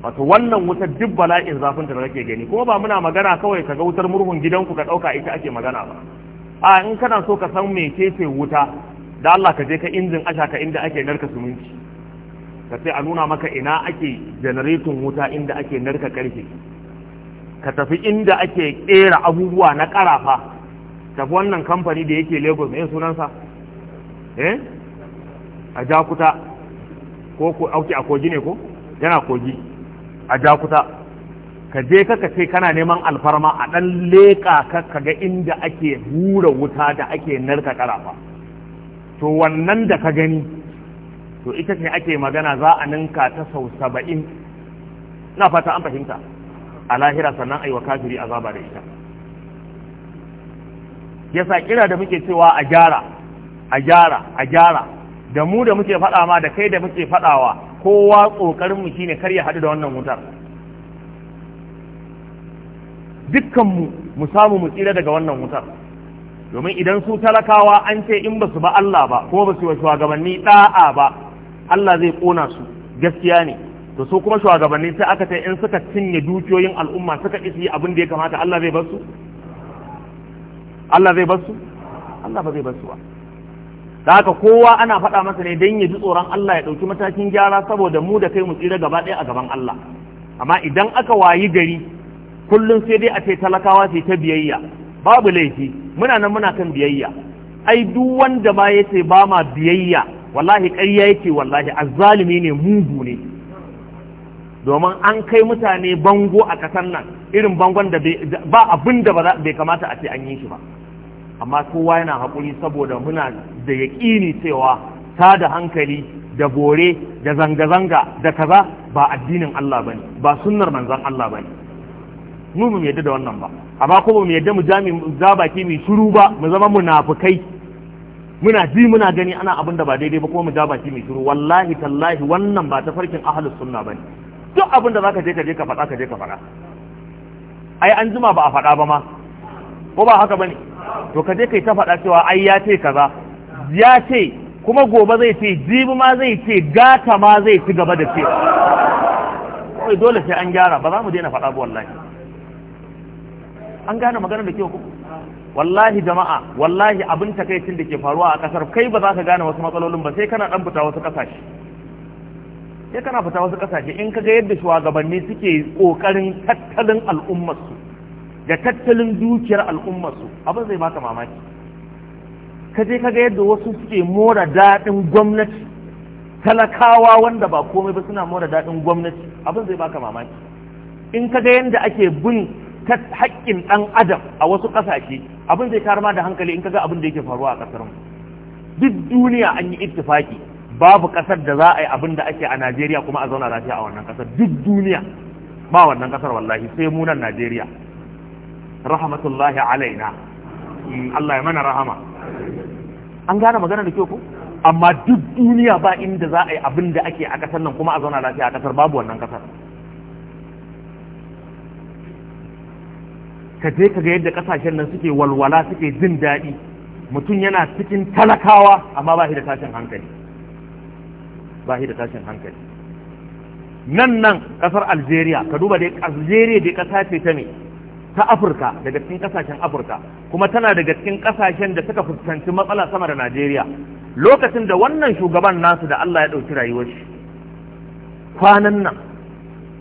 69 wato wannan wuta duk bala'in zafin da kake gani kuma ba muna magana kawai kaga wutar murhun gidanku ka dauka ita ake magana ba a in kana so ka san me mecece wuta da Allah ka je ka injin asha ka inda ake narka suminci ka sai a nuna maka ina ake janaretin wuta inda ake narka karfe ka tafi inda ake kera abubuwa na karafa tafi wannan kamfani da yake lagos mai sunansa eh a jakuta ko ku auki a kogi ne ko yana kogi a jakuta ka je kaka ce kana neman alfarma a dan leka ka ga inda ake hura wuta da ake narka karafa to wannan da ka gani to ita ce ake magana za a ninka ta sau saba'in na fata an fahimta a lahira sannan aiwa wa kafiri azaba da ita yasa kira da muke cewa a gyara a gyara a gyara da mu da muke faɗa ma da kai da muke faɗawa kowa kokarin mu shine kar ya hadu da wannan wutar dukkan mu mu samu mu tsira daga wannan wutar domin idan su talakawa an ce in basu ba Allah ba ko basu su wa shugabanni da'a ba Allah zai kona su gaskiya ne to su kuma shugabanni sai aka ce in suka cinye dukiyoyin al'umma suka isi abin da ya kamata Allah zai basu Allah zai basu Allah ba zai basu ba da haka kowa ana faɗa masa ne don ya ji tsoron Allah ya ɗauki matakin gyara saboda mu da kai mu tsira gaba ɗaya a gaban Allah amma idan aka wayi gari kullum sai dai a ce talakawa sai ta biyayya babu laifi muna nan muna kan biyayya ai duk wanda ma yace ba ma biyayya wallahi ƙarya yake wallahi azzalimi ne mugu ne domin an kai mutane bango a ƙasar nan irin bangon da ba abin da bai kamata a ce an yi shi ba amma kowa yana haƙuri saboda muna da yaƙini cewa ta da hankali da bore da zanga-zanga da kaza ba addinin Allah bane ba sunnar manzan Allah ba mu mu yadda da wannan ba amma ko mu yadda mu jami za baki mai shiru ba mu zama munafukai muna ji muna gani ana abin da ba daidai ba kuma mu ja baki mai shiru wallahi tallahi wannan ba ta farkin ahlus sunna bane duk abin da zaka je ka je ka faɗa ka je ka faɗa ai an jima ba a faɗa ba ma ko ba haka ba ne to ka je kai ta faɗa cewa ai ya ce kaza ya ce kuma gobe zai ce jibi ma zai ce gata ma zai ci gaba da ce kawai dole sai an gyara ba za mu daina faɗa ba wallahi an gane magana da kyau wallahi jama'a wallahi abin takaicin da ke faruwa a kasar kai ba za ka gane wasu matsalolin ba sai kana dan fita wasu ƙasashe sai kana fita wasu kasashe in kaga yadda shugabanni suke kokarin tattalin al'ummarsu da tattalin dukiyar al'ummarsu abin zai baka mamaki ka je kaga yadda wasu suke mora daɗin gwamnati talakawa wanda ba komai ba suna mora daɗin gwamnati abin zai baka mamaki in kaga yadda ake bin haƙƙin ɗan adam a wasu ƙasashe abin zai karma da hankali in kaga abin da yake faruwa a ƙasar mu duk duniya an yi ittifaki babu kasar da za a yi abin da ake a Najeriya kuma a zauna lafiya a wannan kasar duk duniya ba wannan kasar wallahi sai mu nan Najeriya rahmatullahi alaina mm, Allah ya mana rahama an gane magana da kyau ko amma duk duniya ba inda za a yi abin da ake a kasar nan kuma a zauna lafiya a kasar babu wannan kasar ka je ka ga yadda kasashen nan suke walwala suke jin daɗi mutum yana cikin talakawa amma ba shi da tashin hankali ba shi da tashin hankali nan nan kasar algeria ka duba dai algeria dai kasa ce ta me ta afirka daga cikin kasashen afirka kuma tana daga cikin kasashen da suka fuskanci matsala sama da najeriya lokacin da wannan shugaban nasu da allah ya ɗauki rayuwar shi kwanan nan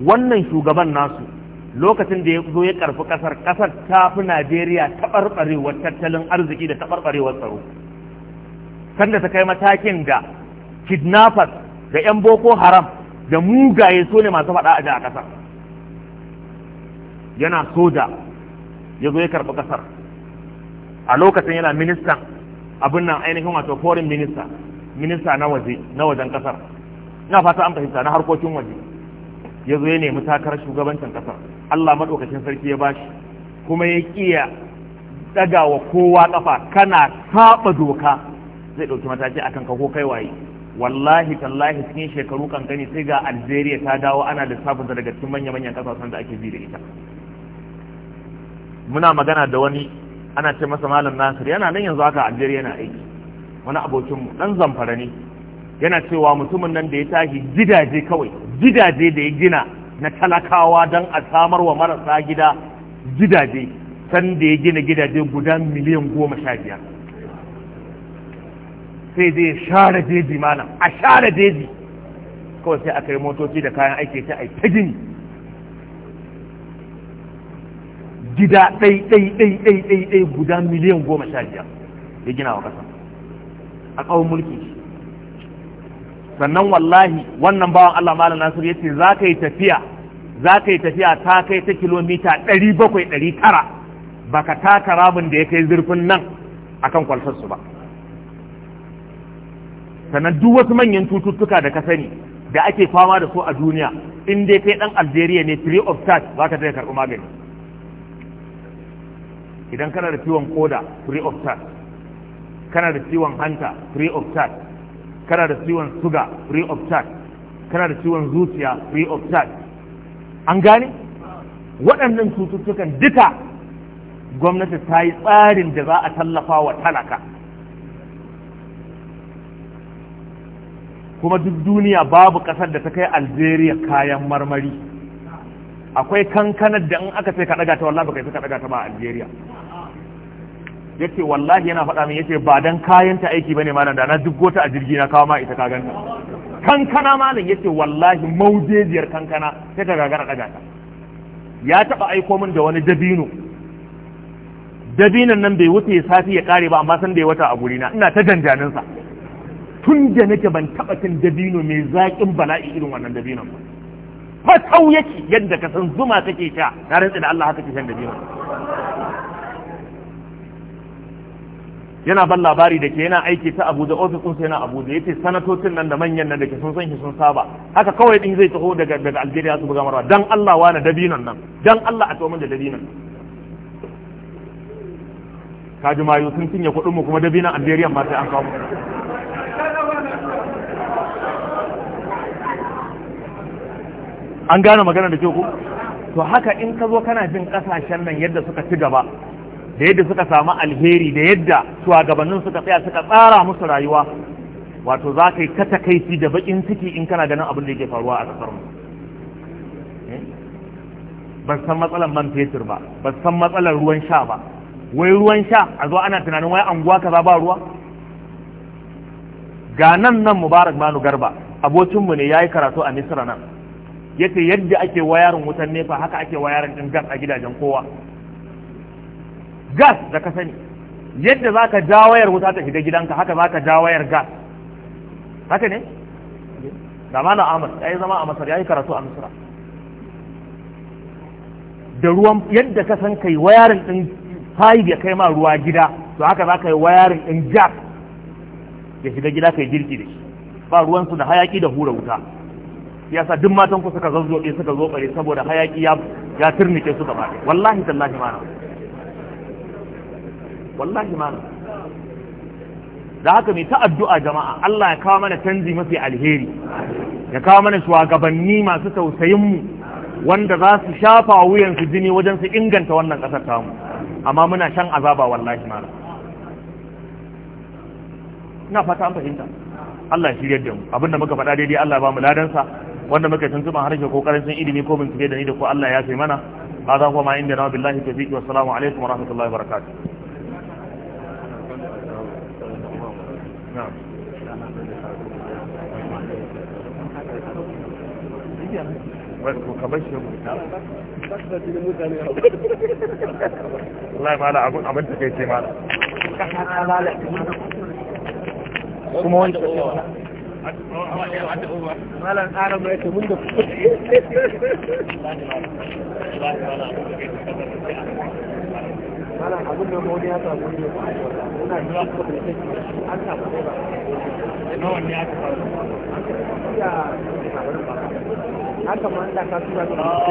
wannan shugaban nasu lokacin da ya zo ya karfi kasar kasar ta fi najeriya taɓarɓarewar tattalin arziki da taɓarɓarewar tsaro sanda ta kai matakin da kidnappers da 'yan boko haram da mugaye so ne masu faɗa a a ƙasar yana soja ya zo ya karɓi ƙasar a lokacin yana ministan abin nan ainihin wato foreign minister minista na waje na wajen ƙasar na fata an fahimta na harkokin waje ya zo ya nemi takarar shugabancin ƙasar allah maɗaukacin sarki ya bashi kuma ya kiya ɗaga wa kowa ƙafa kana saɓa doka zai ɗauki mataki akan kanka ko kai waye wallahi tallahi cikin shekaru kankani sai ga algeria ta dawo ana da daga cikin manya-manyan kasashen da ake bi da ita muna magana da wani ana ce masa malam nasir yana nan yanzu haka algeria yana aiki wani abokinmu dan zamfara ne yana cewa mutumin nan da ya tashi gidaje kawai gidaje da ya gina na talakawa don a samar wa marasa gida gidaje san da ya gina gidaje guda miliyan goma sha biyar sai dai share jeji malam a share jeji kawai sai aka yi motoci da kayan aiki sai a yi ta gini gida ɗai ɗai ɗai ɗai ɗai ɗai guda miliyan goma sha biyar ya gina wa ƙasa a ƙawon mulki sannan wallahi wannan bawan Allah malam Nasir ya ce za ka yi tafiya za ka yi tafiya ta kai ta kilomita ɗari bakwai ɗari tara baka taka ramin da ya kai zurfin nan akan kwalfarsu ba sannan duk wasu manyan cututtuka da ka sani da ake fama da su a duniya in dai kai dan algeria ne free of charge za ka zai karɓi magani idan kana da ciwon koda free of charge kana da ciwon hanta free of charge kana da ciwon suga free of charge kana da ciwon zuciya free of charge an gane waɗannan cututtukan duka gwamnati ta yi tsarin da za a tallafa wa talaka kuma duk duniya babu kasar da ta kai algeria kayan marmari akwai kankanar da in aka ce ka daga ta wallahi baka ka daga ta ba algeria yace wallahi yana faɗa min yace ba dan kayan ta aiki bane malam da na duk gota a jirgi na kawo ma ita ka ganta kankana malam yace wallahi maujejiyar kankana sai ka gagara daga ta ya taba aiko min da wani dabino dabinon nan bai wuce safi ya kare ba amma san da ya wata a gurina ina ta janjaninsa. sa tun da nake ban taɓa cin dabino mai zaƙin bala'i irin wannan dabinon ba fatau yake yadda ka san zuma take sha na rantsi da Allah haka ke shan dabino yana ban labari da ke yana aiki ta Abuja ofis ɗinsa yana Abuja yace sanatocin nan da manyan nan da ke sun san shi sun saba haka kawai din zai taho daga daga Algeria su buga marwa dan Allah wani dabinon nan dan Allah a tawo min da dabinon kaji mayo sun cinye kuɗin mu kuma dabinon Algeria ma sai an kawo an gane magana da ke ku to haka in ka zo kana jin kasashen nan yadda suka ci gaba da yadda suka samu alheri da yadda shugabannin suka tsaya suka tsara musu rayuwa wato za ka yi ta takaici da bakin ciki in kana ganin abin da yake faruwa a kasar mu eh? ban san matsalar man fetur ba ban san matsalar ruwan sha ba wai ruwan sha a zo ana tunanin wai anguwa kaza ba ruwa ga nan nan mubarak manu garba abocinmu ne ya yi karatu a misira nan yace yadda ake wayarin wutan nefa haka ake wayarin din gas a gidajen kowa gas da ka sani yadda za ka ja wayar wuta ta shiga gidanka haka za ka ja wayar gas haka ne da mana amur ya yi zama a masar ya yi karatu a misira da ruwan yadda ka san kai wayarin ɗin hayi ya kai ma ruwa gida to haka za ka yi wayarin ɗin gas ya shiga gida kai girki da shi ba ruwansu da hayaki da hura wuta ya sa duk matan ku suka zazzobe suka zo bare saboda hayaki ya ya turnike su gaba ɗaya wallahi tallahi mana wallahi mana da haka mai ta addu'a jama'a Allah ya kawo mana canji mafi alheri ya kawo mana shugabanni masu tausayin mu wanda za su shafa wuyan su jini wajen su inganta wannan ƙasar tamu amma muna shan azaba wallahi mana ina fata an fahimta Allah ya shirya da mu abinda muka faɗa daidai Allah ba mu ladansa wanda muka tuntuba harshe ko karancin ilimi ko bincike da ni da ko Allah ya fi mana hada kuma inda na billahi tawfiq wa salamu alaikum wa rahmatullahi wa barakatuh kuma wanda malam ƙara mai ta da malam abin da mawani ya samu ne ba a yi wata ba